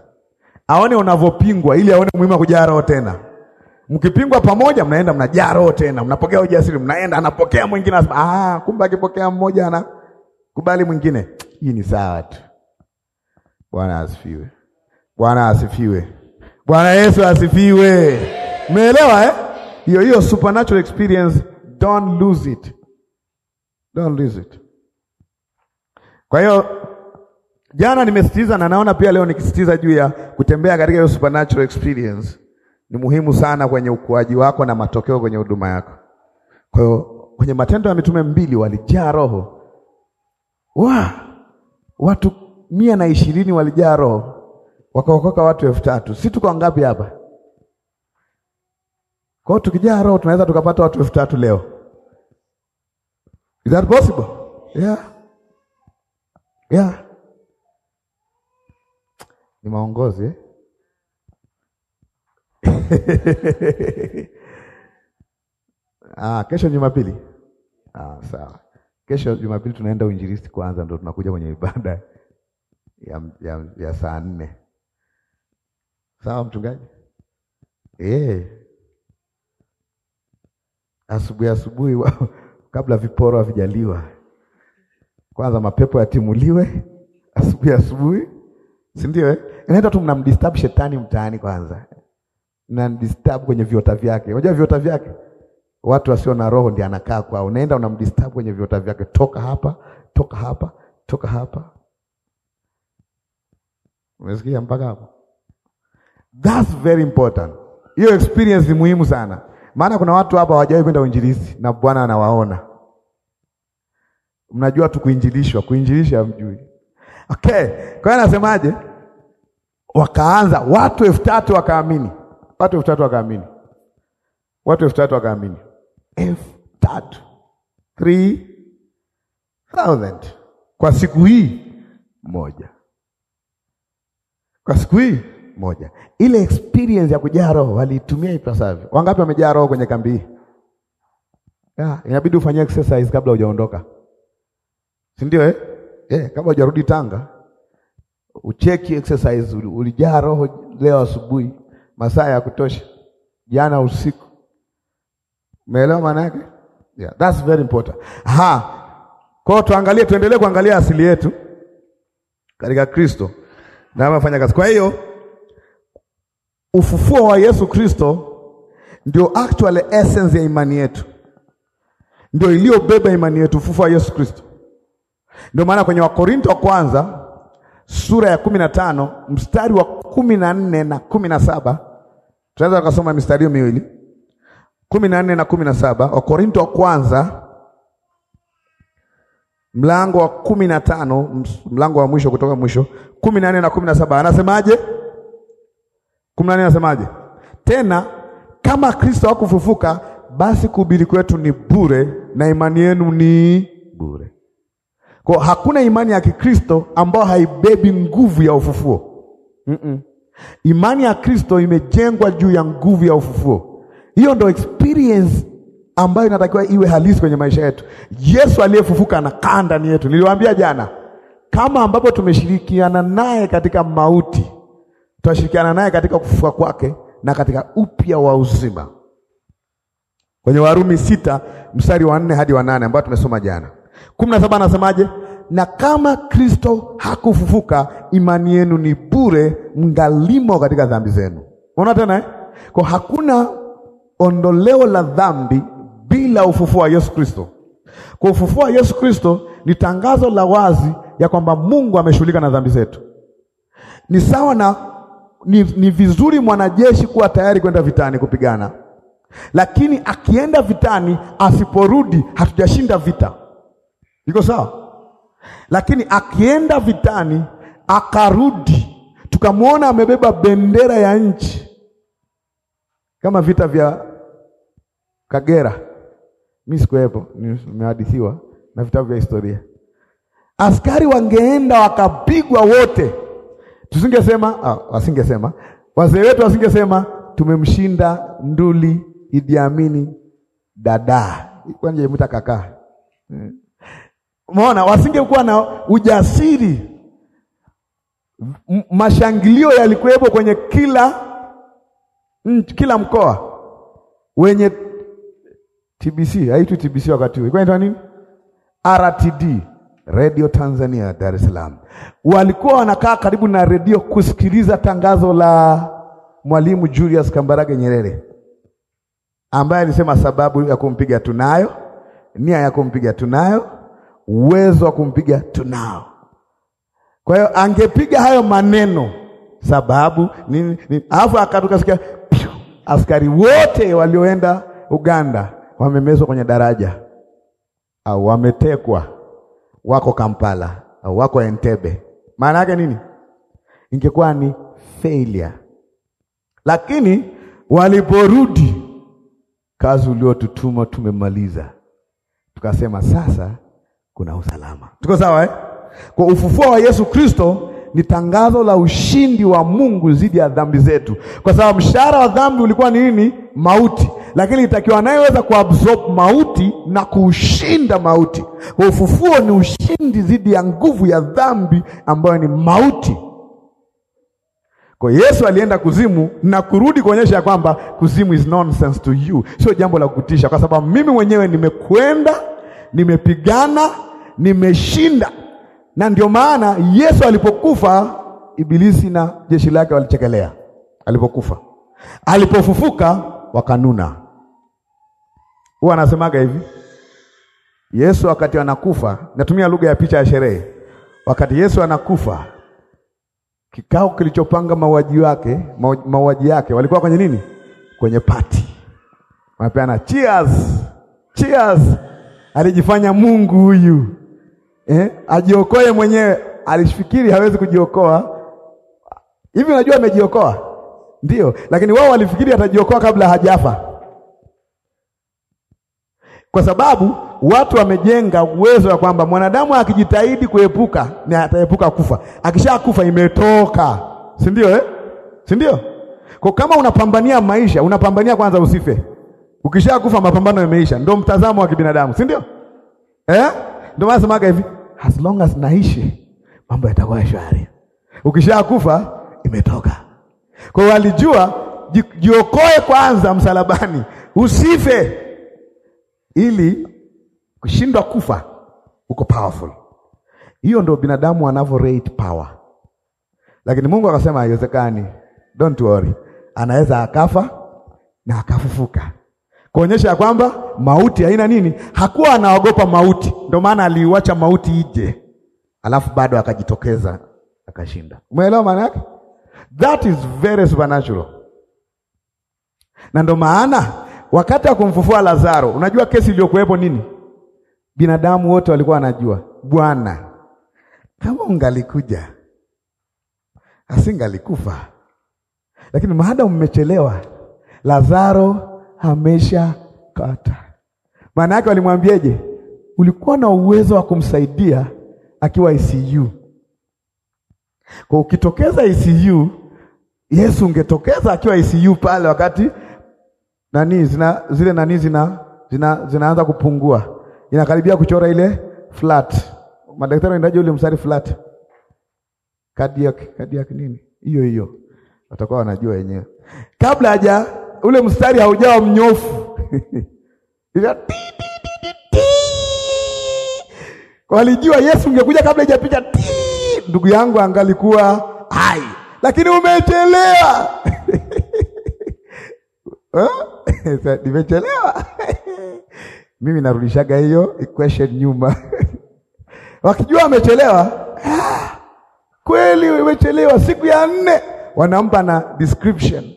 aone unavyopingwa, ili aone muhimu kuja roho tena Mkipingwa pamoja, mnaenda mnajaa roho tena, mnapokea ujasiri, mnaenda anapokea mwingine, anasema ah, kumbe akipokea mmoja kubali mwingine. Hii ni sawa tu. Bwana asifiwe, Bwana asifiwe, Bwana Yesu asifiwe. Umeelewa eh? Hiyo hiyo supernatural experience, don't lose it, don't lose it. Kwa hiyo jana nimesitiza na naona pia leo nikisitiza juu ya kutembea katika hiyo supernatural experience ni muhimu sana kwenye ukuaji wako na matokeo kwenye huduma yako. Kwa hiyo kwenye Matendo ya Mitume mbili walijaa Roho wa watu mia na ishirini walijaa Roho wakaokoka watu elfu tatu. Si tuko ngapi hapa? Kwa hiyo tukijaa Roho tunaweza tukapata watu elfu tatu leo. Is that possible? Yeah. Yeah. Ni maongozi eh? *laughs* Ah, kesho Jumapili. Ah, sawa. Kesho Jumapili tunaenda uinjilisti kwanza, ndio tunakuja kwenye ibada ya, ya, ya saa nne. Sawa mchungaji? Eh. Asubuhi asubuhi *laughs* kabla viporo havijaliwa. Kwanza mapepo yatimuliwe asubuhi asubuhi, si ndio eh? Inaenda tu mnamdisturb shetani mtaani kwanza na disturb kwenye viota vyake. Unajua viota vyake watu wasio na roho ndio anakaa kwao, unaenda unamdisturb kwenye viota vyake. Toka hapa, toka hapa, toka hapa. Umesikia mpaka hapo? That's very important. Hiyo experience ni muhimu sana, maana kuna watu hapa hawajawahi kwenda uinjilizi na Bwana anawaona. Mnajua tu kuinjilishwa, kuinjilisha mjui. Okay, kwa hiyo anasemaje? Wakaanza watu elfu tatu wakaamini watu elfu tatu wakaamini, watu elfu tatu wakaamini, elfu tatu thousand kwa siku hii moja, kwa siku hii moja. Ile experience ya kujaa roho waliitumia ipasavyo. Wangapi wamejaa roho kwenye kambi hii? Ya, inabidi ufanya exercise kabla hujaondoka, si ndio eh? eh? kabla hujarudi Tanga ucheki exercise, ulijaa roho leo asubuhi masaa ya kutosha jana usiku. Umeelewa maana yake? Yeah, that's very important. Ha. Kwa tuangalie, tuendelee kuangalia asili yetu katika Kristo na mafanya kazi. Kwa hiyo ufufuo wa Yesu Kristo ndio actual essence ya imani yetu, ndio iliyobeba imani yetu, ufufuo wa Yesu Kristo. Ndio maana kwenye Wakorinto wa kwanza sura ya kumi na tano mstari wa kumi na nne na kumi na saba Tunaweza tukasoma mistari miwili kumi na nne na kumi na saba Wakorinto wa kwanza mlango wa kumi na tano mlango wa mwisho kutoka mwisho kumi na nne na kumi na saba anasemaje? kumi na nne anasemaje? Tena kama Kristo hakufufuka basi kuhubiri kwetu ni bure na imani yenu ni bure. Kwa hakuna imani ya Kikristo ambayo haibebi nguvu ya ufufuo. Mm -mm. Imani ya Kristo imejengwa juu ya nguvu ya ufufuo. Hiyo ndo experience ambayo inatakiwa iwe halisi kwenye maisha yetu. Yesu aliyefufuka anakaa ndani yetu. Niliwaambia jana, kama ambapo tumeshirikiana naye katika mauti, tutashirikiana naye katika kufufuka kwake na katika upya wa uzima. Kwenye Warumi sita mstari wa nne hadi wa nane ambao tumesoma jana. kumi na saba anasemaje? na kama Kristo hakufufuka imani yenu ni bure, mngalimo katika dhambi zenu. Unaona tena eh? Kwa hakuna ondoleo la dhambi bila ufufuo wa Yesu Kristo. Kwa ufufuo wa Yesu Kristo ni tangazo la wazi ya kwamba Mungu ameshughulika na dhambi zetu. Ni sawa na ni, ni vizuri mwanajeshi kuwa tayari kwenda vitani kupigana, lakini akienda vitani asiporudi hatujashinda vita. Iko sawa? lakini akienda vitani akarudi, tukamwona amebeba bendera ya nchi, kama vita vya Kagera. Mimi sikuwepo, nimehadithiwa na vitabu vya historia. Askari wangeenda wakapigwa wote, tusingesema ah, wasingesema wazee wetu wasingesema tumemshinda nduli Idi Amini dadaa, kwani mtakaka hmm. Umeona, wasingekuwa na ujasiri. Mashangilio yalikuwepo kwenye kila kila mkoa wenye TBC, haitwi TBC wakati huo ilikuwa nini? RTD, Radio Tanzania Dar es Salaam. Walikuwa wanakaa karibu na redio kusikiliza tangazo la Mwalimu Julius Kambarage Nyerere ambaye alisema sababu ya kumpiga tunayo, nia ya kumpiga tunayo uwezo wa kumpiga tunao. Kwa hiyo angepiga hayo maneno sababu nini, nini, alafu akatukasikia askari wote walioenda Uganda wamemezwa kwenye daraja au wametekwa, wako Kampala au wako Entebbe. Maana yake nini? Ingekuwa ni failure, lakini waliporudi, kazi uliotutuma tumemaliza. Tukasema sasa kuna usalama. Tuko sawa eh? Kwa ufufuo wa Yesu Kristo ni tangazo la ushindi wa Mungu dhidi ya dhambi zetu, kwa sababu mshahara wa dhambi ulikuwa ni nini? Mauti. Lakini itakiwa anayeweza kuabsorb mauti na kuushinda mauti. Kwa ufufuo ni ushindi dhidi ya nguvu ya dhambi ambayo ni mauti. Kwa Yesu alienda kuzimu na kurudi kuonyesha ya kwamba kuzimu is nonsense to you, sio jambo la kutisha, kwa sababu mimi mwenyewe nimekwenda, nimepigana nimeshinda. Na ndio maana Yesu alipokufa Ibilisi na jeshi lake walichekelea alipokufa. Alipofufuka wakanuna. Huwa anasemaga hivi, Yesu wakati anakufa, natumia lugha ya picha ya sherehe. Wakati Yesu anakufa, kikao kilichopanga mauaji wake, mauaji yake walikuwa kwenye nini? Kwenye pati, wanapeana cheers, cheers. Alijifanya Mungu huyu eh, ajiokoe mwenyewe. Alifikiri hawezi kujiokoa hivi, unajua amejiokoa ndio, lakini wao walifikiri atajiokoa kabla hajafa, kwa sababu watu wamejenga uwezo wa kwamba mwanadamu akijitahidi kuepuka na ataepuka kufa, akishakufa imetoka, si ndio eh? si ndio? Kwa kama unapambania maisha, unapambania kwanza usife. Ukishakufa mapambano yameisha, ndio mtazamo wa kibinadamu, si ndio eh? Ndio maana semaga hivi, as long as naishi mambo yatakuwa shwari, ukishakufa imetoka. Kwa hiyo walijua jiokoe kwanza msalabani, usife ili kushindwa kufa uko powerful. Hiyo ndio binadamu anavyo rate power, lakini Mungu akasema haiwezekani, don't worry, anaweza akafa na akafufuka kuonyesha ya kwamba mauti haina nini, hakuwa anaogopa mauti, ndio maana aliuacha mauti ije, alafu bado akajitokeza akashinda. Umeelewa maana yake? That is very supernatural. Na ndio maana wakati wa kumfufua Lazaro, unajua kesi iliyokuwepo nini? Binadamu wote walikuwa wanajua, Bwana, kama ungalikuja asingalikufa, lakini maadamu mmechelewa, Lazaro kata Maana yake walimwambiaje? Ulikuwa na uwezo wa kumsaidia akiwa ICU. Kwa ukitokeza ICU, Yesu ungetokeza akiwa ICU pale wakati nani zina, zile nani zina, zina, zinaanza kupungua, inakaribia kuchora ile flat. Madaktari wanaendaje ule mstari flat? Cardiac, cardiac nini? Hiyo hiyo. Watakuwa wanajua wenyewe. Kabla haja ule mstari haujawa mnyofu *laughs* walijua Yesu ungekuja kabla hajapita ndugu yangu angalikuwa hai, lakini umechelewa *laughs* *laughs* nimechelewa mimi narudishaga hiyo equation nyuma wakijua amechelewa ah, kweli, umechelewa siku ya nne, wanampa na description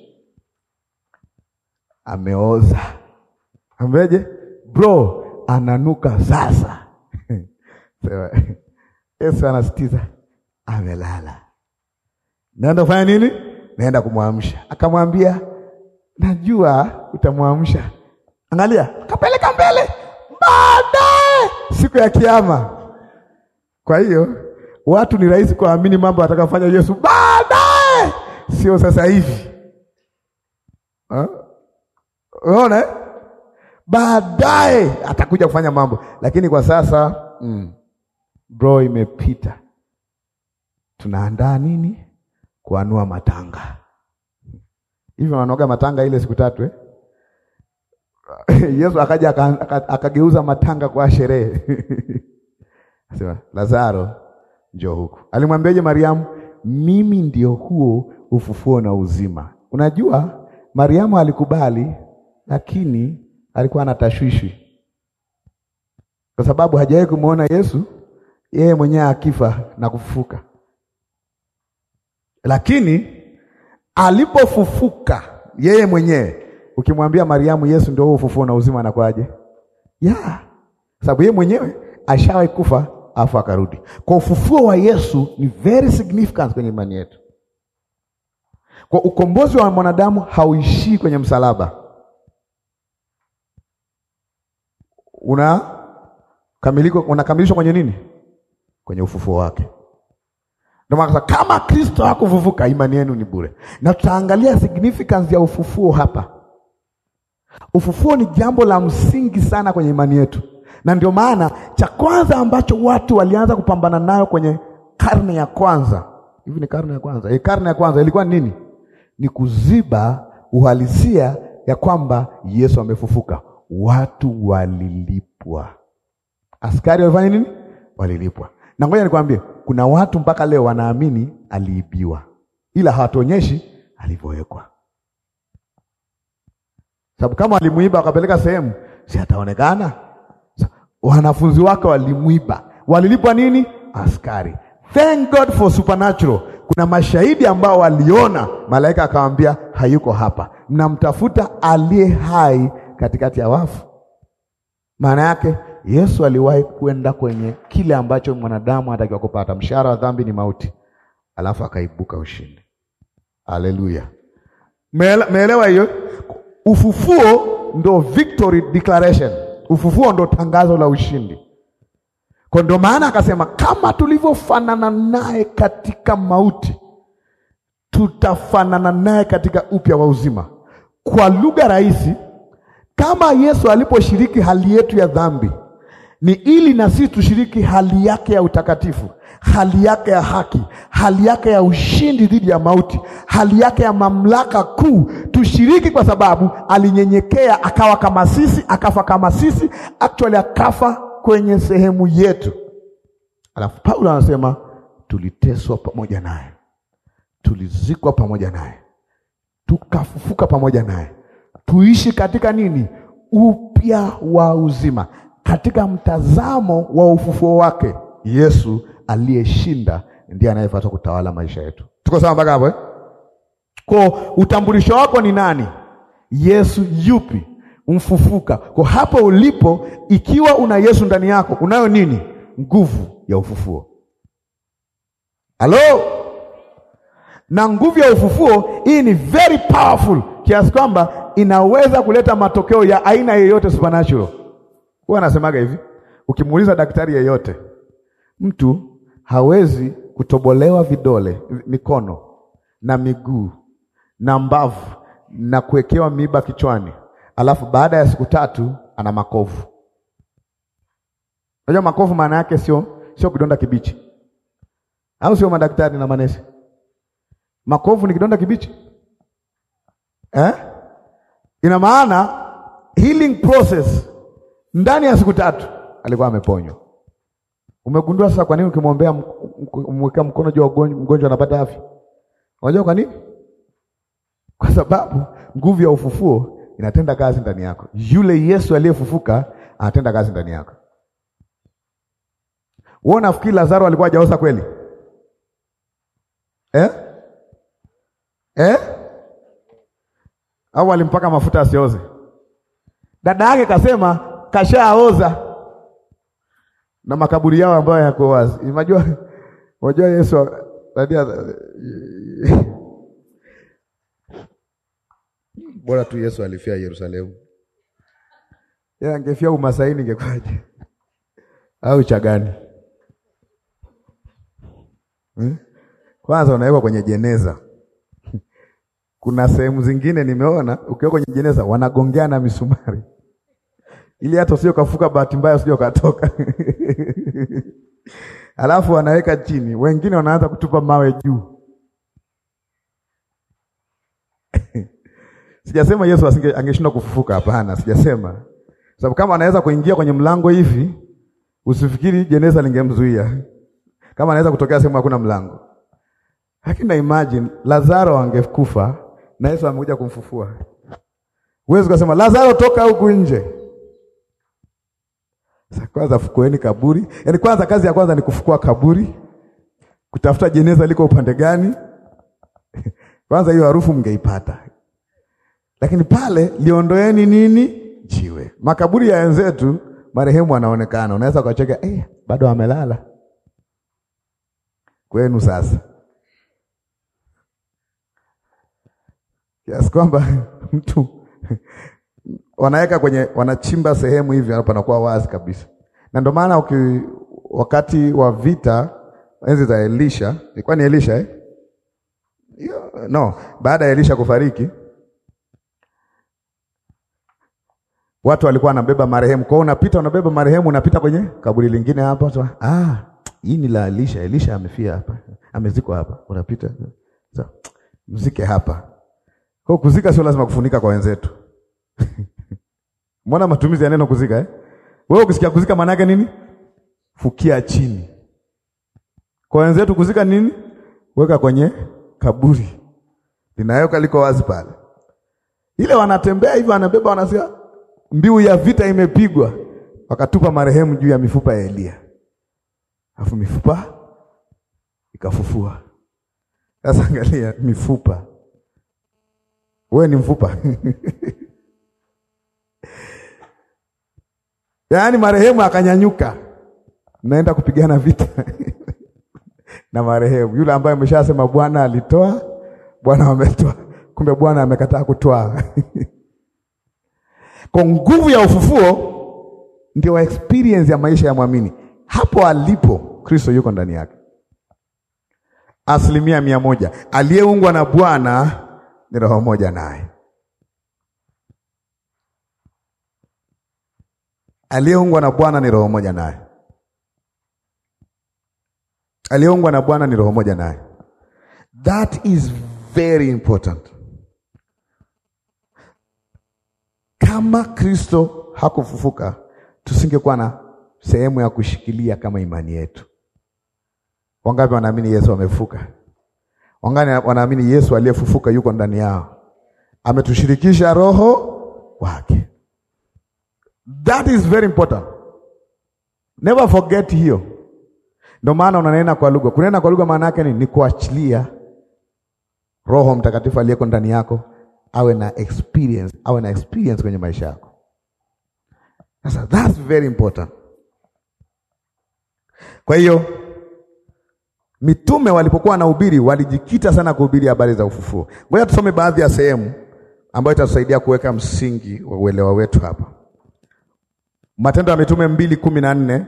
ameoza. Ambeje? Bro, ananuka sasa. *laughs* Yesu anasitiza amelala. Naenda kufanya nini? Naenda kumwamsha. Akamwambia, najua utamwamsha. Angalia, kapeleka mbele baadaye, siku ya kiama. Kwa hiyo watu ni rahisi kuamini mambo atakayofanya Yesu baadaye, sio sasa hivi ha? Unaona? Eh? Baadaye atakuja kufanya mambo, lakini kwa sasa mm, bro, imepita. Tunaandaa nini? Kuanua matanga. Hivi wanaoga matanga ile siku tatu eh? *laughs* Yesu akaja akageuza matanga kwa sherehe *laughs* sema Lazaro njoo huku. Alimwambiaje Mariamu? Mimi ndio huo ufufuo na uzima. Unajua Mariamu alikubali lakini alikuwa na tashwishi, kwa sababu hajawahi kumwona Yesu yeye mwenyewe akifa na kufufuka. Lakini alipofufuka yeye mwenyewe, ukimwambia Mariamu Yesu ndio huo ufufuo na uzima, ya Yeah, sababu yeye mwenyewe ashawahi kufa afu akarudi. Kwa ufufuo wa Yesu ni very significant kwenye imani yetu. Kwa ukombozi wa mwanadamu hauishii kwenye msalaba. unakamilishwa unakamilishwa kwenye nini? Kwenye ufufuo wake. Ndio maana kama Kristo hakufufuka imani yenu ni bure, na tutaangalia significance ya ufufuo hapa. Ufufuo ni jambo la msingi sana kwenye imani yetu, na ndio maana cha kwanza ambacho watu walianza kupambana nayo kwenye karne ya kwanza, hivi ni karne ya kwanza e, karne ya kwanza ilikuwa nini? Ni kuziba uhalisia ya kwamba Yesu amefufuka watu walilipwa. Askari walifanya nini? Walilipwa. Na ngoja nikwambie, kuna watu mpaka leo wanaamini aliibiwa, ila hawatuonyeshi alivyowekwa, sababu kama walimwiba wakapeleka sehemu, si ataonekana? Wanafunzi wake walimwiba, walilipwa nini? Askari. Thank God for supernatural. Kuna mashahidi ambao waliona, malaika akawambia hayuko hapa, mnamtafuta aliye hai katikati ya wafu. Maana yake Yesu aliwahi kwenda kwenye kile ambacho mwanadamu anatakiwa kupata. Mshahara wa dhambi ni mauti, alafu akaibuka ushindi. Haleluya, meelewa hiyo? Ufufuo ndo victory declaration, ufufuo ndo tangazo la ushindi. Kwa ndio maana akasema kama tulivyofanana naye katika mauti, tutafanana naye katika upya wa uzima. Kwa lugha rahisi kama Yesu aliposhiriki hali yetu ya dhambi, ni ili na sisi tushiriki hali yake ya utakatifu, hali yake ya haki, hali yake ya ushindi dhidi ya mauti, hali yake ya mamlaka kuu. Tushiriki kwa sababu alinyenyekea, akawa kama sisi, akafa kama sisi, actually akafa kwenye sehemu yetu. Alafu Paulo anasema tuliteswa pamoja naye, tulizikwa pamoja naye, tukafufuka pamoja naye tuishi katika nini? Upya wa uzima, katika mtazamo wa ufufuo wake. Yesu aliyeshinda ndiye anayepaswa kutawala maisha yetu. Tuko sawa mpaka hapo eh? Kwa utambulisho wako ni nani? Yesu yupi? Mfufuka. Kwa hapo ulipo, ikiwa una Yesu ndani yako, unayo nini? Nguvu ya ufufuo. Halo, na nguvu ya ufufuo hii ni very powerful kiasi kwamba inaweza kuleta matokeo ya aina yoyote supernatural. Huwa anasemaga hivi, ukimuuliza daktari yeyote, mtu hawezi kutobolewa vidole, mikono na miguu na mbavu na kuwekewa miiba kichwani, alafu baada ya siku tatu ana makovu. Unajua makovu maana yake sio sio kidonda kibichi, au sio? Madaktari na manesi, makovu ni kidonda kibichi eh? Ina maana healing process ndani ya siku tatu alikuwa ameponywa. Umegundua sasa kwa nini ukimwombea umwekea mkono juu mgonjwa anapata afya? Unajua kwa nini? Kwa sababu nguvu ya ufufuo inatenda kazi ndani yako. Yule Yesu aliyefufuka anatenda kazi ndani yako. Wewe unafikiri Lazaro alikuwa hajaosa kweli? Eh? Eh? au alimpaka mafuta asioze? Dada yake kasema kashaoza, na makaburi yao ambayo yako wazi. Unajua, unajua Yesu nabia bora tu Yesu alifia Yerusalemu, yeye angefia Umasaini ingekwaje? au Chagani hmm? Kwanza unawekwa kwenye jeneza kuna sehemu zingine nimeona ukiwa kwenye jeneza wanagongeana misumari ili hata usije kafuka bahati mbaya usije ukatoka. *laughs* Alafu wanaweka chini, wengine wanaanza kutupa mawe juu. *laughs* Sijasema Yesu angeshindwa kufufuka, hapana, sijasema sababu, kama anaweza kuingia kwenye mlango hivi, usifikiri jeneza lingemzuia. Kama anaweza kutokea sehemu hakuna mlango, lakini na imagine Lazaro angekufa na Yesu amekuja kumfufua. Huwezi kusema Lazaro toka huku nje. Kwanza fukueni kaburi, yaani kwanza, kazi ya kwanza ni kufukua kaburi, kutafuta jeneza liko upande gani. *laughs* Kwanza hiyo harufu mngeipata, lakini pale liondoeni nini? Jiwe. Makaburi ya wenzetu marehemu anaonekana, unaweza kucheka, eh, bado amelala kwenu sasa kiasi kwamba *laughs* mtu *laughs* wanaweka kwenye, wanachimba sehemu hivi hapo, panakuwa wazi kabisa. Na ndio maana wakati wa vita enzi za Elisha, ilikuwa ni Elisha eh? No, baada ya Elisha kufariki watu walikuwa wanabeba marehemu. Kwa unapita, unabeba marehemu, unapita kwenye kaburi lingine hapa, ah, hii ni la Elisha. Elisha amefia hapa, amezikwa hapa, unapita so, mzike hapa. Kwa kuzika sio lazima kufunika kwa wenzetu. *laughs* Mbona matumizi ya neno kuzika eh? Wewe ukisikia kuzika maana yake nini? Fukia chini. Kwa wenzetu kuzika nini? Weka kwenye kaburi. Linaweka liko wazi pale. Ile wanatembea hivyo wanabeba wanasikia mbiu ya vita imepigwa. Wakatupa marehemu juu ya mifupa ya Elia. Afu mifupa ikafufua. Sasa angalia mifupa wewe ni mfupa *laughs* yaani marehemu akanyanyuka, naenda kupigana vita *laughs* na marehemu yule ambaye ameshasema Bwana alitoa, Bwana ametoa, kumbe Bwana amekataa kutoa *laughs* kwa nguvu ya ufufuo ndio experience ya maisha ya mwamini. Hapo alipo Kristo yuko ndani yake asilimia mia moja, aliyeungwa na Bwana ni roho moja naye. Aliyeungwa na Bwana ni roho moja naye. Aliyeungwa na Bwana ni roho moja naye. That is very important. Kama Kristo hakufufuka, tusingekuwa na sehemu ya kushikilia kama imani yetu. Wangapi wanaamini Yesu amefufuka? Wangani wanaamini Yesu aliyefufuka yuko ndani yao, ametushirikisha roho wake. That is very important, never forget hiyo. Ndio maana unanena kwa lugha. Kunena kwa lugha maana yake ni, ni kuachilia Roho Mtakatifu aliyeko ndani yako awe na experience, awe na experience kwenye maisha yako. Sasa that's very important. Kwa hiyo Mitume walipokuwa wanahubiri walijikita sana kuhubiri habari za ufufuo. Ngoja tusome baadhi ya sehemu ambayo itatusaidia kuweka msingi wa uelewa wetu hapa. Matendo ya Mitume mbili kumi na nne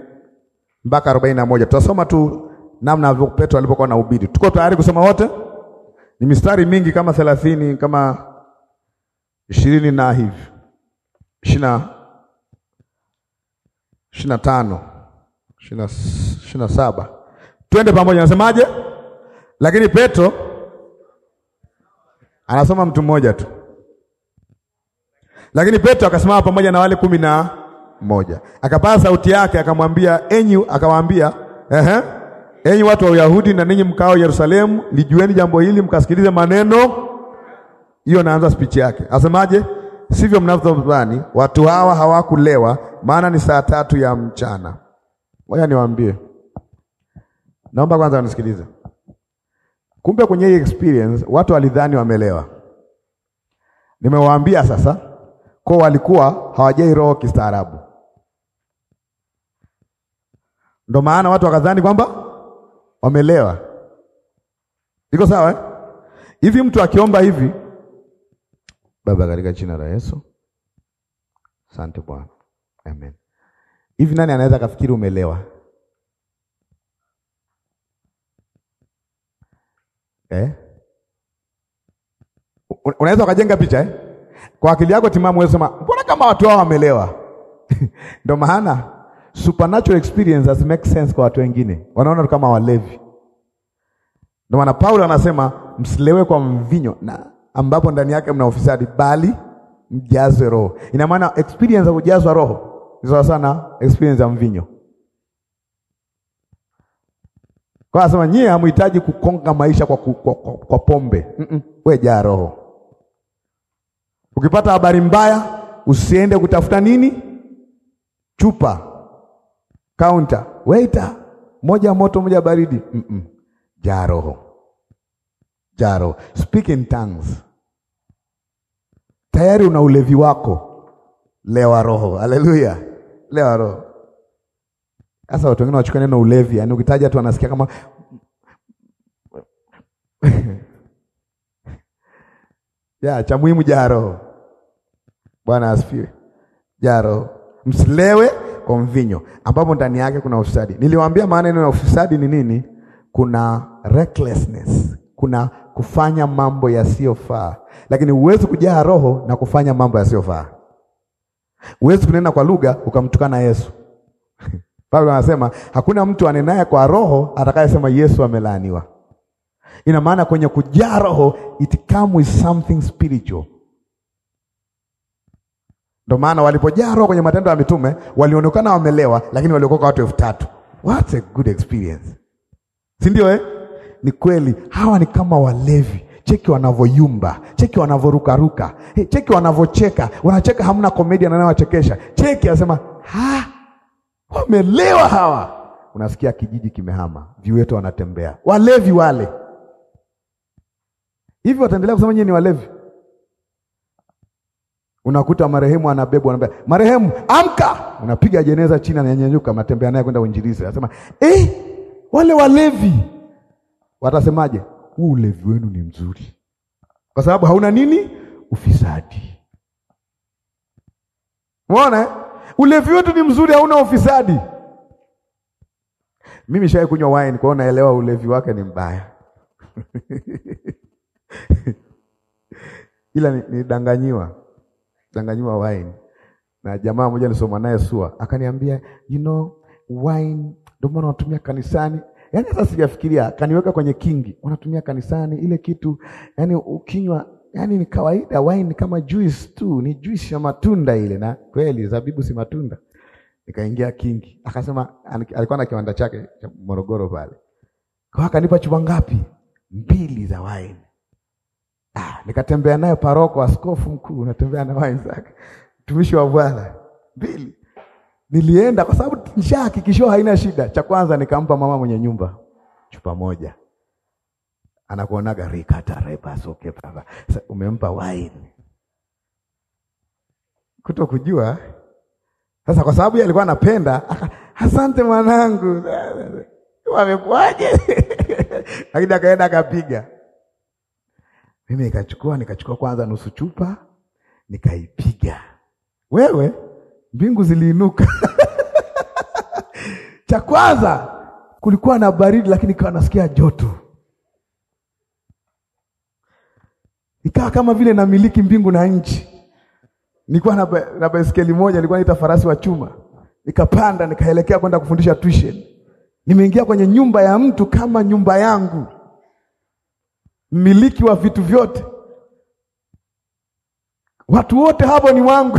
mpaka arobaini na moja tutasoma tu namna Petro alipokuwa anahubiri. Tuko tayari kusoma wote? Ni mistari mingi kama thelathini kama ishirini na hivi ishirini na tano ishirini na saba twende pamoja. Nasemaje? Lakini Petro anasoma mtu mmoja tu, lakini Petro akasimama pamoja na wale kumi na moja akapaza sauti yake akamwambia, enyi, akawaambia ehe, enyi watu wa Uyahudi na ninyi mkao Yerusalemu, lijueni jambo hili, mkasikilize maneno hiyo. Naanza spichi yake, asemaje? Sivyo mnavyodhani, watu hawa hawakulewa, maana ni saa tatu ya mchana. Ngoja niwaambie Naomba kwanza unisikilize. Kumbe kwenye hii experience watu walidhani wamelewa. Nimewaambia sasa, kwa walikuwa hawajai roho kistaarabu, ndo maana watu wakadhani kwamba wamelewa. Iko sawa eh? Hivi mtu akiomba hivi, Baba katika jina la Yesu, asante Bwana, amen. Hivi nani anaweza kafikiri umelewa? eh? Unaweza ukajenga picha eh? Kwa akili yako timamu wewe sema, mbona kama watu hao wamelewa? *laughs* Ndio maana supernatural experience has make sense kwa watu wengine, wanaona kama walevi. Ndio maana Paulo anasema msilewe kwa mvinyo na ambapo ndani yake mna ufisadi, bali mjazwe Roho. Ina maana experience ya kujazwa Roho ni sawa sana experience ya mvinyo. Kwa anasema nyie hamhitaji kukonga maisha kwa, ku, kwa, kwa, kwa pombe mm -mm. We jaa roho. Ukipata habari mbaya usiende kutafuta nini, chupa kaunta, waiter, moja moto moja baridi mm -mm. Jaa roho, jaa roho, speak in tongues. Tayari una ulevi wako, lewa roho. Haleluya, lewa roho sasa watu wengine wachukua neno ulevi, yaani ukitaja tu anasikia kama *laughs* ya cha muhimu jaro. Bwana asifiwe. Jaro, msilewe kwa mvinyo, ambapo ndani yake kuna ufisadi. Niliwaambia maana neno ya ufisadi ni nini? Kuna recklessness, kuna kufanya mambo yasiyofaa, lakini huwezi kujaa roho na kufanya mambo yasiyofaa. Huwezi kunena kwa lugha ukamtukana Yesu *laughs* Paulo anasema hakuna mtu anenaye kwa roho atakayesema Yesu amelaaniwa. Ina maana kwenye kujaa roho it come with something spiritual. Ndio maana walipojaa roho kwenye Matendo ya Mitume walionekana wamelewa, lakini waliokoka watu elfu tatu. What a good experience, si ndio eh? Ni kweli hawa ni kama walevi. Cheki wanavoyumba, cheki wanavorukaruka, hey, eh, cheki wanavocheka. Wanacheka hamna komedia anayewachekesha. Cheki anasema ha wamelewa hawa, unasikia kijiji kimehama, viwete wanatembea, walevi wale. Hivi wataendelea kusema nyinyi ni walevi? Unakuta marehemu anabebwa, anambia marehemu, amka, unapiga jeneza chini, ananyanyuka, anatembea naye kwenda uinjilizi, anasema eh, wale walevi. Watasemaje? huu ulevi wenu ni mzuri, kwa sababu hauna nini? Ufisadi. Umeona? Ulevi wetu ni mzuri, hauna ufisadi. Mimi shawai kunywa wine, kwa hiyo naelewa ulevi wake ni mbaya *laughs* ila nidanganyiwa danganyiwa wine na jamaa mmoja nilisoma naye SUA akaniambia, you know wine ndio maana wanatumia kanisani. Yaani sasa sijafikiria, akaniweka kwenye kingi, wanatumia kanisani ile kitu, yaani ukinywa yani ni kawaida. Wine ni kama juice tu, ni juice ya matunda ile, na kweli zabibu si matunda. Nikaingia kingi, akasema alikuwa na kiwanda chake cha Morogoro pale, kwa akanipa chupa ngapi? Mbili za wine. Ah, nikatembea nayo paroko, askofu mkuu, natembea na wine zake, mtumishi wa Bwana, mbili nilienda kwa sababu nishahakikishiwa haina shida. Cha kwanza nikampa mama mwenye nyumba chupa moja anakuonaga baba umempa wine kuto kujua sasa, kwa sababu alikuwa anapenda. Asante mwanangu, wamekuaje? *laughs* Lakini akaenda akapiga. Mimi nikachukua nikachukua kwanza nusu chupa nikaipiga. Wewe mbingu ziliinuka. *laughs* Cha kwanza kulikuwa na baridi, lakini kawa nasikia joto Nikaa kama vile namiliki mbingu na nchi. Nilikuwa na, na baiskeli moja, nilikuwa naita farasi wa chuma. Nikapanda nikaelekea kwenda kufundisha tuition. Nimeingia kwenye nyumba ya mtu kama nyumba yangu. Mmiliki wa vitu vyote. Watu wote hapo ni wangu.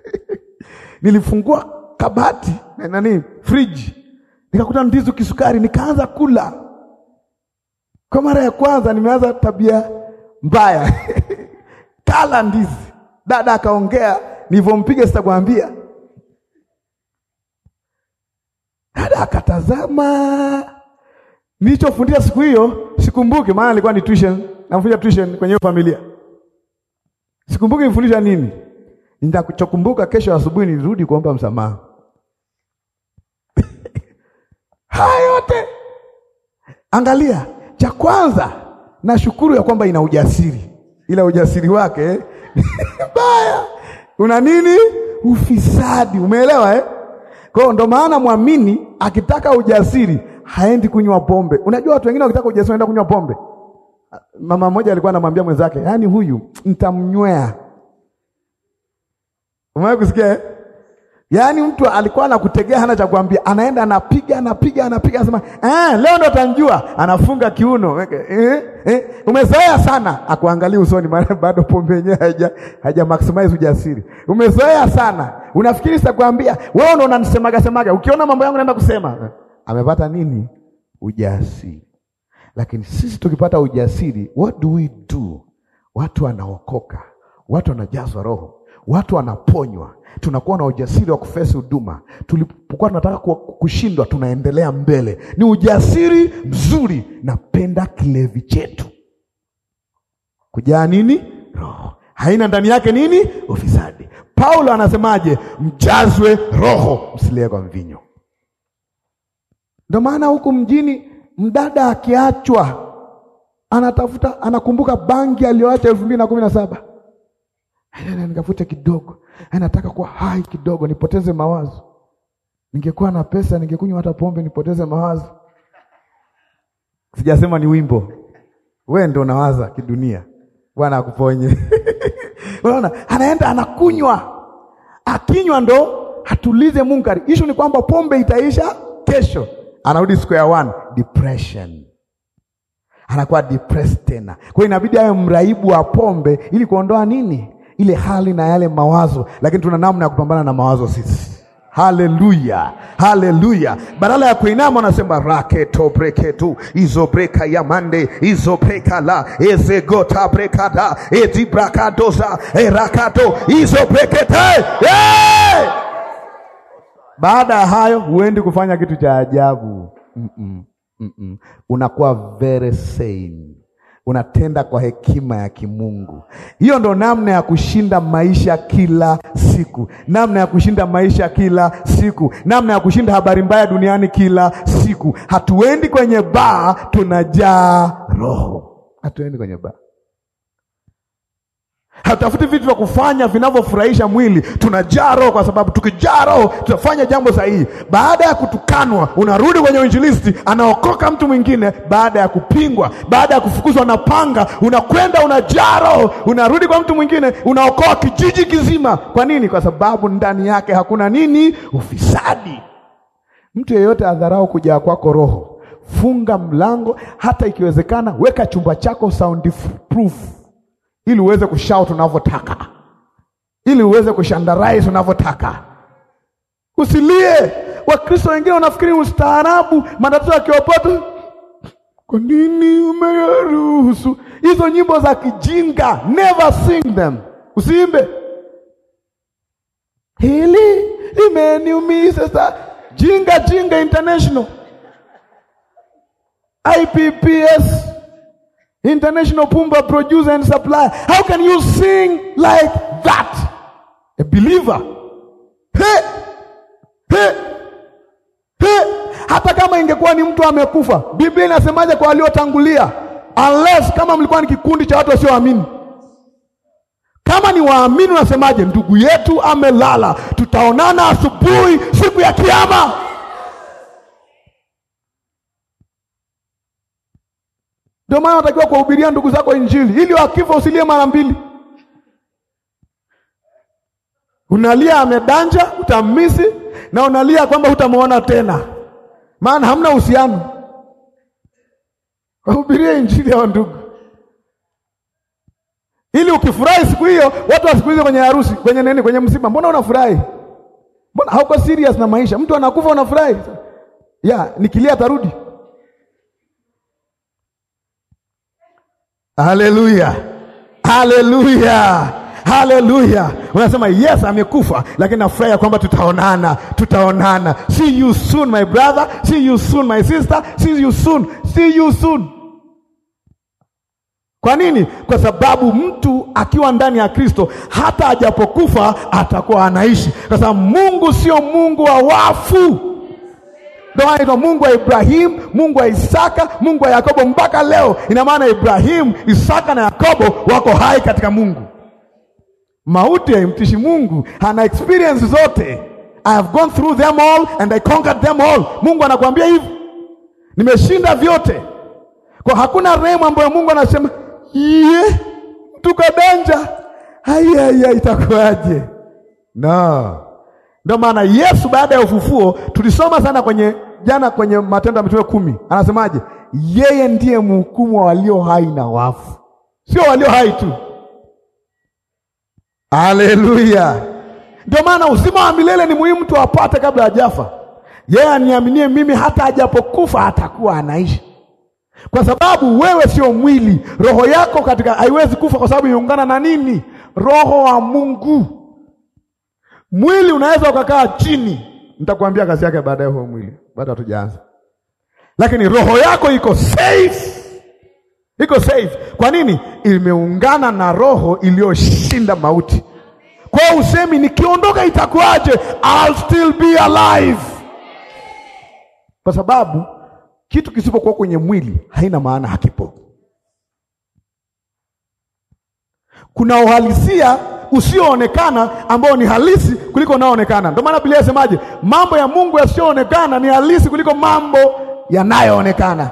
*laughs* Nilifungua kabati na nani fridge, nikakuta ndizi kisukari, nikaanza kula. Kwa mara ya kwanza nimeanza tabia mbaya *laughs* kala ndizi. Dada akaongea, nilivyompiga sitakwambia. Dada akatazama. Nilichofundisha siku hiyo sikumbuki, maana alikuwa ni tuition, namfundisha tuition kwenye familia. Sikumbuki nifundisha nini. Nitakuchokumbuka kesho asubuhi nirudi kuomba msamaha. *laughs* Haya yote angalia, cha kwanza Nashukuru ya kwamba ina ujasiri, ila ujasiri wake eh, *laughs* mbaya una nini? Ufisadi. Umeelewa eh? Kwa hiyo ndo maana mwamini akitaka ujasiri haendi kunywa pombe. Unajua watu wengine wakitaka ujasiri wanaenda kunywa pombe. Mama mmoja alikuwa anamwambia mwenzake, yaani huyu nitamnywea. Umewahi kusikia eh? Yaani mtu alikuwa anakutegea hana cha kuambia, anaenda anapiga anapiga anapiga, anasema eh, leo ndo tanjua anafunga kiuno eh, eh, umezoea sana, akuangalia usoni, maana bado pombe yenyewe haija haija maximize ujasiri. Umezoea sana, unafikiri sitakwambia wewe, ndo unanisemaga semaga, ukiona mambo yangu naenda kusema. Amepata nini? Ujasiri. Lakini sisi tukipata ujasiri, what do we do? Watu wanaokoka, watu wanajazwa Roho, watu wanaponywa tunakuwa na ujasiri wa kufesi huduma. Tulipokuwa tunataka kushindwa, tunaendelea mbele. Ni ujasiri mzuri. Napenda kilevi chetu kujaa nini? Roho haina ndani yake nini? Ufisadi. Paulo anasemaje? Mjazwe Roho, msilie kwa mvinyo. Ndio maana huku mjini mdada akiachwa anatafuta, anakumbuka bangi aliyoacha elfu mbili na kumi na saba nikafute kidogo anataka yaani kuwa hai kidogo, nipoteze mawazo. Ningekuwa na pesa ningekunywa hata pombe nipoteze mawazo. Sijasema ni wimbo, we ndo unawaza kidunia. Bwana akuponye. *laughs* Unaona, anaenda anakunywa, akinywa ndo hatulize munkari. Ishu ni kwamba pombe itaisha kesho, anarudi square one, depression anakuwa depressed tena. Kwa hiyo inabidi awe mraibu wa pombe ili kuondoa nini? ile hali na yale mawazo, lakini tuna namna ya kupambana na mawazo sisi. Haleluya, haleluya! Badala ya kuinama anasema raketo breketu izo breka ya mande izo breka la ezegota breka da ezibrakadoza erakato izo brekete. Baada ya hayo huendi kufanya kitu cha ajabu. mm -mm, mm -mm. Unakuwa very sane unatenda kwa hekima ya kimungu. Hiyo ndo namna ya kushinda maisha kila siku, namna ya kushinda maisha kila siku, namna ya kushinda habari mbaya duniani kila siku. Hatuendi kwenye baa, tunajaa Roho. Hatuendi kwenye baa. Hatafuti vitu vya kufanya vinavyofurahisha mwili, tunajaa roho, kwa sababu tukijaa roho tutafanya jambo sahihi. Baada ya kutukanwa, unarudi kwenye uinjilisti, anaokoka mtu mwingine. Baada ya kupingwa, baada ya kufukuzwa na panga, unakwenda unajaa roho, unarudi kwa mtu mwingine, unaokoa kijiji kizima. Kwa nini? Kwa sababu ndani yake hakuna nini? Ufisadi. Mtu yeyote adharau kujaa kwako roho, funga mlango, hata ikiwezekana weka chumba chako soundproof ili uweze kushout unavyotaka, ili uweze kushandarize unavyotaka. Usilie. Wakristo wengine wanafikiri ustaarabu, matatizo akiwapata, kwa nini umeyaruhusu? Hizo nyimbo za kijinga, never sing them, usiimbe. Hili limeniumiza sa jinga jinga international IPPS International Pumba producer and supplier. How can you sing like that? A believer. Hey, hey, hey. Hata kama ingekuwa ni mtu amekufa, Biblia inasemaje kwa waliotangulia? Unless kama mlikuwa ni kikundi cha watu wasioamini. Kama ni waamini, unasemaje? Ndugu yetu amelala, tutaonana asubuhi siku ya Kiyama. Ndio maana unatakiwa kuwahubiria ndugu zako Injili ili wakifa usilie mara mbili. Unalia amedanja, utamisi na unalia kwamba utamuona tena, maana hamna uhusiano. Wahubirie injili ya ndugu, ili ukifurahi siku hiyo watu wasikuize kwenye harusi, kwenye nini, kwenye msiba. Mbona unafurahi? Mbona hauko serious na maisha? Mtu anakufa unafurahi? Ya, nikilia tarudi Haleluya, haleluya, haleluya. Unasema yes, amekufa lakini nafurahi ya kwamba tutaonana, tutaonana. See you soon my brother, see you soon my sister, see you soon, see you soon. Kwa nini? Kwa sababu mtu akiwa ndani ya Kristo hata ajapokufa atakuwa anaishi, kwa sababu Mungu sio Mungu wa wafu. Ndio maana Mungu wa Ibrahimu, Mungu wa Isaka, Mungu wa Yakobo mpaka leo. Ina maana Ibrahimu, Isaka na Yakobo wako hai katika Mungu. Mauti haimtishi Mungu, ana experience zote. I have gone through them all and I conquered them all. Mungu anakuambia hivi, nimeshinda vyote. Kwa hakuna rehemu ambayo Mungu anasema ye tukadanja, haya haya, itakuwaje? No. Ndio maana Yesu baada ya ufufuo, tulisoma sana kwenye jana kwenye Matendo ya Mitume kumi, anasemaje? Yeye ndiye mhukumu wa walio hai na wafu, sio walio hai tu. aleluya Ndio maana uzima wa milele ni muhimu apate kabla hajafa. Yeye aniaminie mimi, hata ajapokufa atakuwa anaishi, kwa sababu wewe sio mwili. Roho yako katika haiwezi kufa, kwa sababu iungana na nini? Roho wa Mungu. Mwili unaweza ukakaa chini, nitakwambia kazi yake baadaye, huo mwili bado hatujaanza, lakini roho yako iko safe, iko safe. Kwa nini? Imeungana na roho iliyoshinda mauti. Kwa hiyo usemi nikiondoka itakuwaje? I'll still be alive, kwa sababu kitu kisipokuwa kwenye mwili haina maana, hakipo. Kuna uhalisia usioonekana ambao ni halisi kuliko unaoonekana. Ndio maana Biblia inasemaje? Mambo ya Mungu yasiyoonekana ni halisi kuliko mambo yanayoonekana.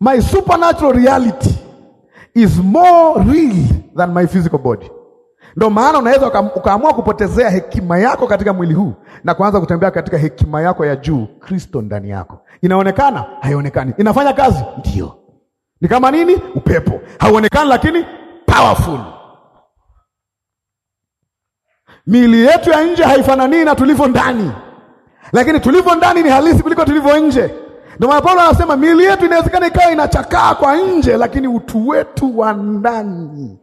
My supernatural reality is more real than my physical body. Ndio maana unaweza ukaamua kupotezea hekima yako katika mwili huu na kuanza kutembea katika hekima yako ya juu, Kristo ndani yako. Inaonekana? Haionekani. Inafanya kazi? Ndio. Ni kama nini? Upepo hauonekani, lakini powerful. Miili yetu ya nje haifanani na tulivyo ndani, lakini tulivyo ndani ni halisi kuliko tulivyo nje. Ndio maana Paulo anasema miili yetu inawezekana ikawa inachakaa kwa nje, lakini utu wetu wa ndani,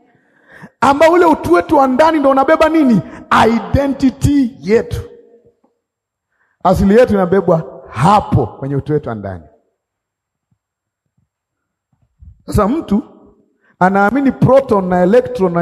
ambao ule utu wetu wa ndani ndio unabeba nini? Identity yetu, asili yetu inabebwa hapo kwenye utu wetu wa ndani. Sasa mtu anaamini proton na electron na